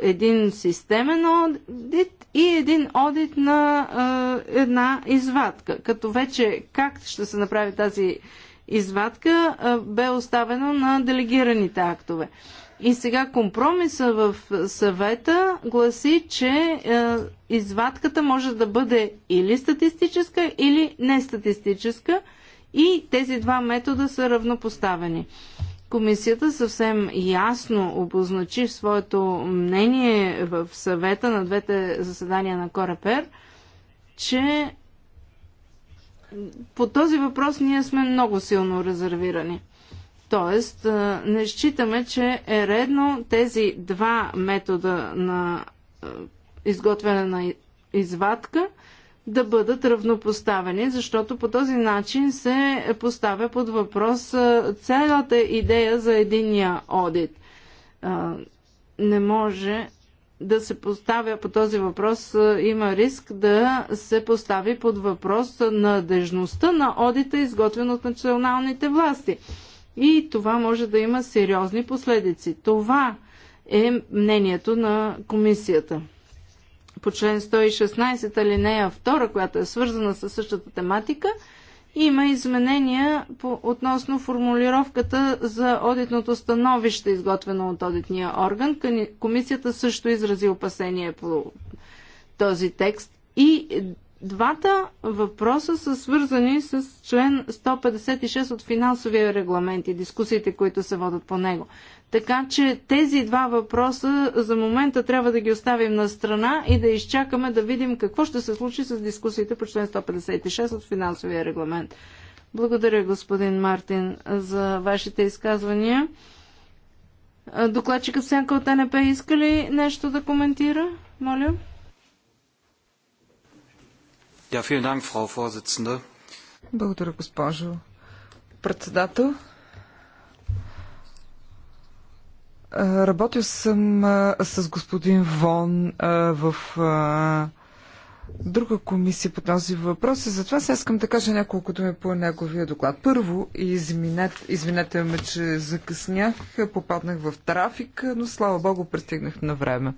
един системен одит и един одит на една извадка. Като вече как ще се направи тази извадка, бе оставено на делегираните актове. И сега компромиса в съвета гласи, че е, извадката може да бъде или статистическа, или нестатистическа и тези два метода са равнопоставени. Комисията съвсем ясно обозначи в своето мнение в съвета на двете заседания на Корепер, че по този въпрос ние сме много силно резервирани. Тоест, не считаме, че е редно тези два метода на изготвяне на извадка да бъдат равнопоставени, защото по този начин се поставя под въпрос цялата идея за единия одит. Не може да се поставя по този въпрос, има риск да се постави под въпрос надежността на одита, изготвен от националните власти и това може да има сериозни последици. Това е мнението на комисията. По член 116 алинея 2, която е свързана с същата тематика, има изменения по, относно формулировката за одитното становище, изготвено от одитния орган. Комисията също изрази опасение по този текст и Двата въпроса са свързани с член 156 от финансовия регламент и дискусиите, които се водят по него. Така че тези два въпроса за момента трябва да ги оставим на страна и да изчакаме да видим какво ще се случи с дискусиите по член 156 от финансовия регламент. Благодаря, господин Мартин, за вашите изказвания. Докладчика Сянка от НП иска ли нещо да коментира? Моля. Ja, vielen Dank, Frau Vorsitzende. Благодаря, госпожо председател. Работил съм с господин Вон в друга комисия по този въпрос и затова сега искам да кажа няколко думи по неговия доклад. Първо, извинете, извинете ме, че закъснях, попаднах в трафик, но слава богу, пристигнах на време.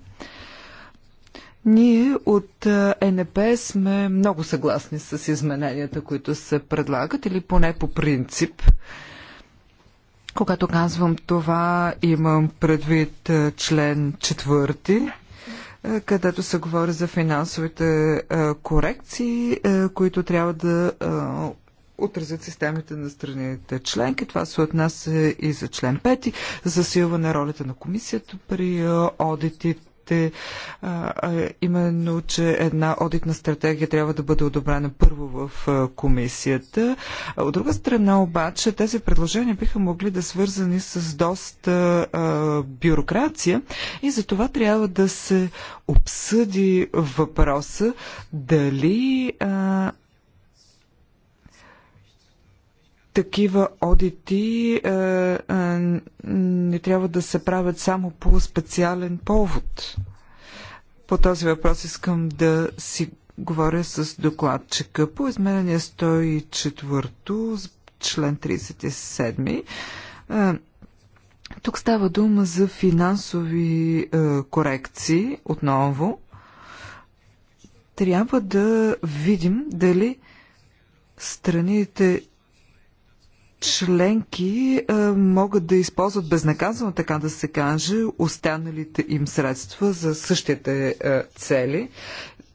Ние от ЕНП сме много съгласни с измененията, които се предлагат или поне по принцип. Когато казвам това, имам предвид е, член четвърти, е, където се говори за финансовите е, корекции, които трябва да отразят системите на страните членки. Това се отнася и за член 5, засилване ролята на комисията при одитите казахте, а, а, именно, че една одитна стратегия трябва да бъде одобрена първо в а, комисията. От друга страна обаче тези предложения биха могли да свързани с доста а, бюрокрация и за това трябва да се обсъди въпроса дали а, такива одити е, е, не трябва да се правят само по специален повод. По този въпрос искам да си говоря с докладчика по изменение 104, член 37. Е, тук става дума за финансови е, корекции отново. Трябва да видим дали страните членки а, е, могат да използват безнаказано, така да се каже, останалите им средства за същите а, е, цели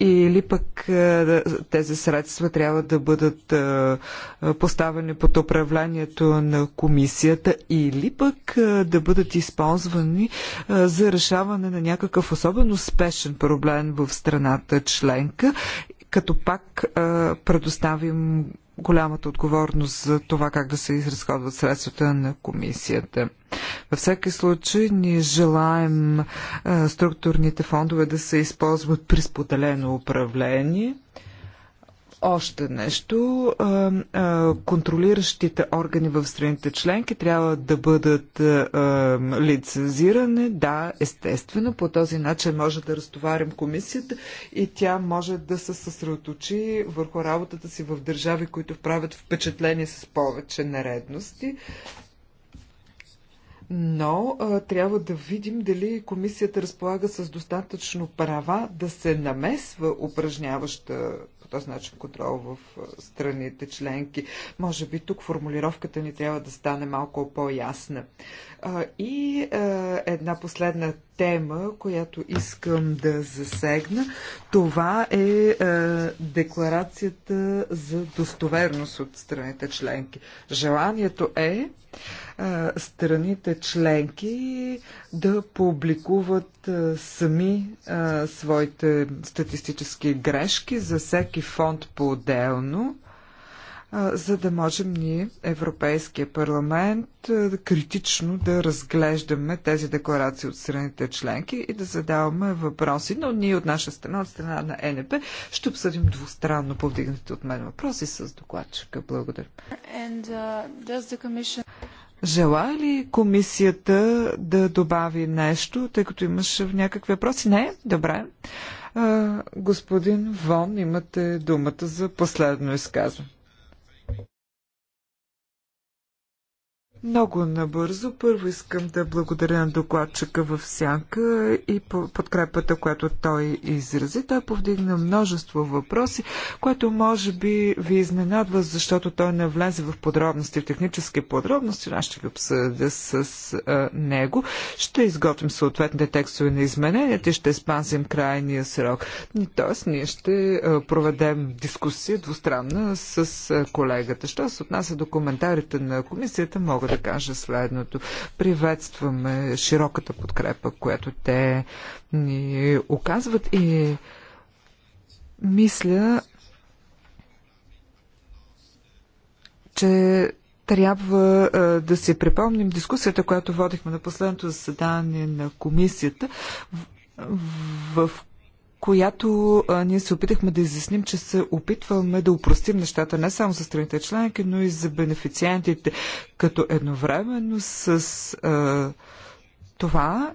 или пък е, тези средства трябва да бъдат поставени под управлението на комисията или пък да бъдат използвани за решаване на някакъв особено спешен проблем в страната членка като пак предоставим голямата отговорност за това как да се изразходват средствата на комисията. Във всеки случай ние желаем структурните фондове да се използват при споделено управление – още нещо. Контролиращите органи в страните членки трябва да бъдат лицензирани. Да, естествено, по този начин може да разтоварим комисията и тя може да се съсредоточи върху работата си в държави, които правят впечатление с повече наредности но а, трябва да видим дали комисията разполага с достатъчно права да се намесва упражняваща по този начин контрол в страните членки. Може би тук формулировката ни трябва да стане малко по-ясна. И една последна тема, която искам да засегна, това е декларацията за достоверност от страните членки. Желанието е страните членки да публикуват сами своите статистически грешки за всеки фонд по-отделно за да можем ние, Европейския парламент, критично да разглеждаме тези декларации от страните членки и да задаваме въпроси. Но ние от наша страна, от страна на ЕНП, ще обсъдим двустранно повдигнатите от мен въпроси с докладчика. Благодаря. And, uh, commission... Желая ли комисията да добави нещо, тъй като имаш някакви въпроси? Не? Добре. господин Вон, имате думата за последно изказване. Много набързо. Първо искам да благодаря на докладчика в сянка и подкрепата, която той изрази. Той повдигна множество въпроси, което може би ви изненадва, защото той не влезе в подробности, в технически подробности. Аз ще ги обсъдя с а, него. Ще изготвим съответните текстове на измененията и ще спазим крайния срок. Тоест, ние ще а, проведем дискусия двустранна с а, колегата. Що се отнася до коментарите на комисията, могат да кажа следното. Приветстваме широката подкрепа, която те ни оказват и мисля, че трябва а, да си припомним дискусията, която водихме на последното заседание на комисията, в, в която а, ние се опитахме да изясним, че се опитваме да упростим нещата не само за страните членки, но и за бенефициентите, като едновременно с а, това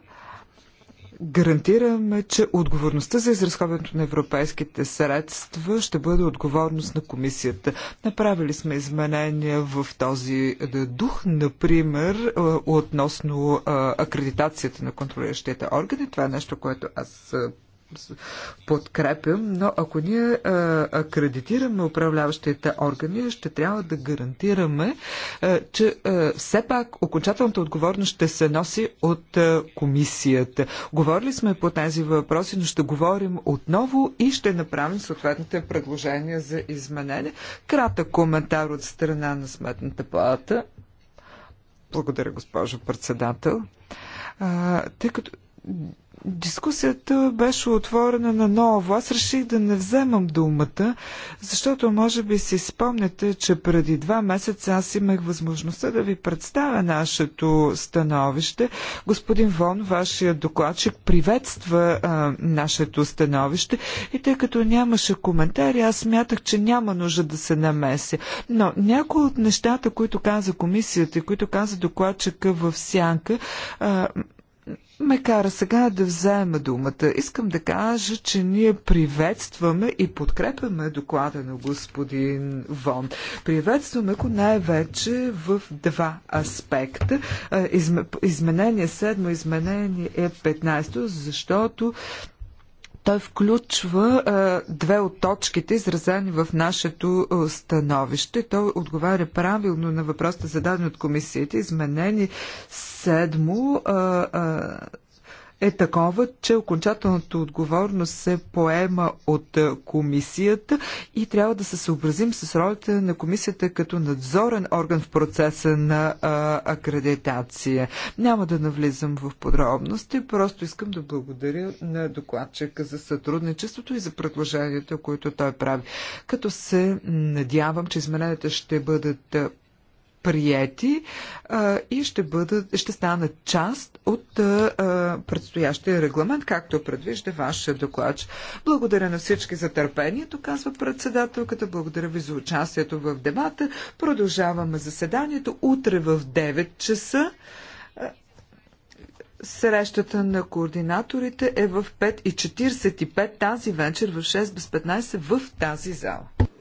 гарантираме, че отговорността за изразходването на европейските средства ще бъде отговорност на комисията. Направили сме изменения в този дух, например, относно акредитацията на контролиращите органи. Това е нещо, което аз подкрепям, но ако ние а, акредитираме управляващите органи, ще трябва да гарантираме, а, че а, все пак окончателната отговорност ще се носи от а, комисията. Говорили сме по тези въпроси, но ще говорим отново и ще направим съответните предложения за изменение. Кратък коментар от страна на Сметната палата. Благодаря, госпожо председател. А, тъй като Дискусията беше отворена на ново. Аз реших да не вземам думата, защото може би си спомняте, че преди два месеца аз имах възможността да ви представя нашето становище. Господин Вон, вашия докладчик, приветства а, нашето становище и тъй като нямаше коментари, аз смятах, че няма нужда да се намеся. Но някои от нещата, които каза комисията и които каза докладчика в сянка, а, ме кара сега да взема думата. Искам да кажа, че ние приветстваме и подкрепяме доклада на господин Вон. Приветстваме го най-вече в два аспекта. Е, изменение 7, изменение 15, защото той включва а, две от точките, изразени в нашето е, становище. Той отговаря правилно на въпросите, зададени от комисията, изменени седмо. а, е такова, че окончателната отговорност се поема от комисията и трябва да се съобразим с ролята на комисията като надзорен орган в процеса на а, акредитация. Няма да навлизам в подробности, просто искам да благодаря на докладчика за сътрудничеството и за предложенията, които той прави. Като се надявам, че измененията ще бъдат приети а, и ще, бъдат, ще станат част от а, предстоящия регламент, както предвижда вашия доклад. Благодаря на всички за търпението, казва председателката. Благодаря ви за участието в дебата. Продължаваме заседанието утре в 9 часа. Срещата на координаторите е в 5.45 тази вечер, в 6 без 15 в тази зала.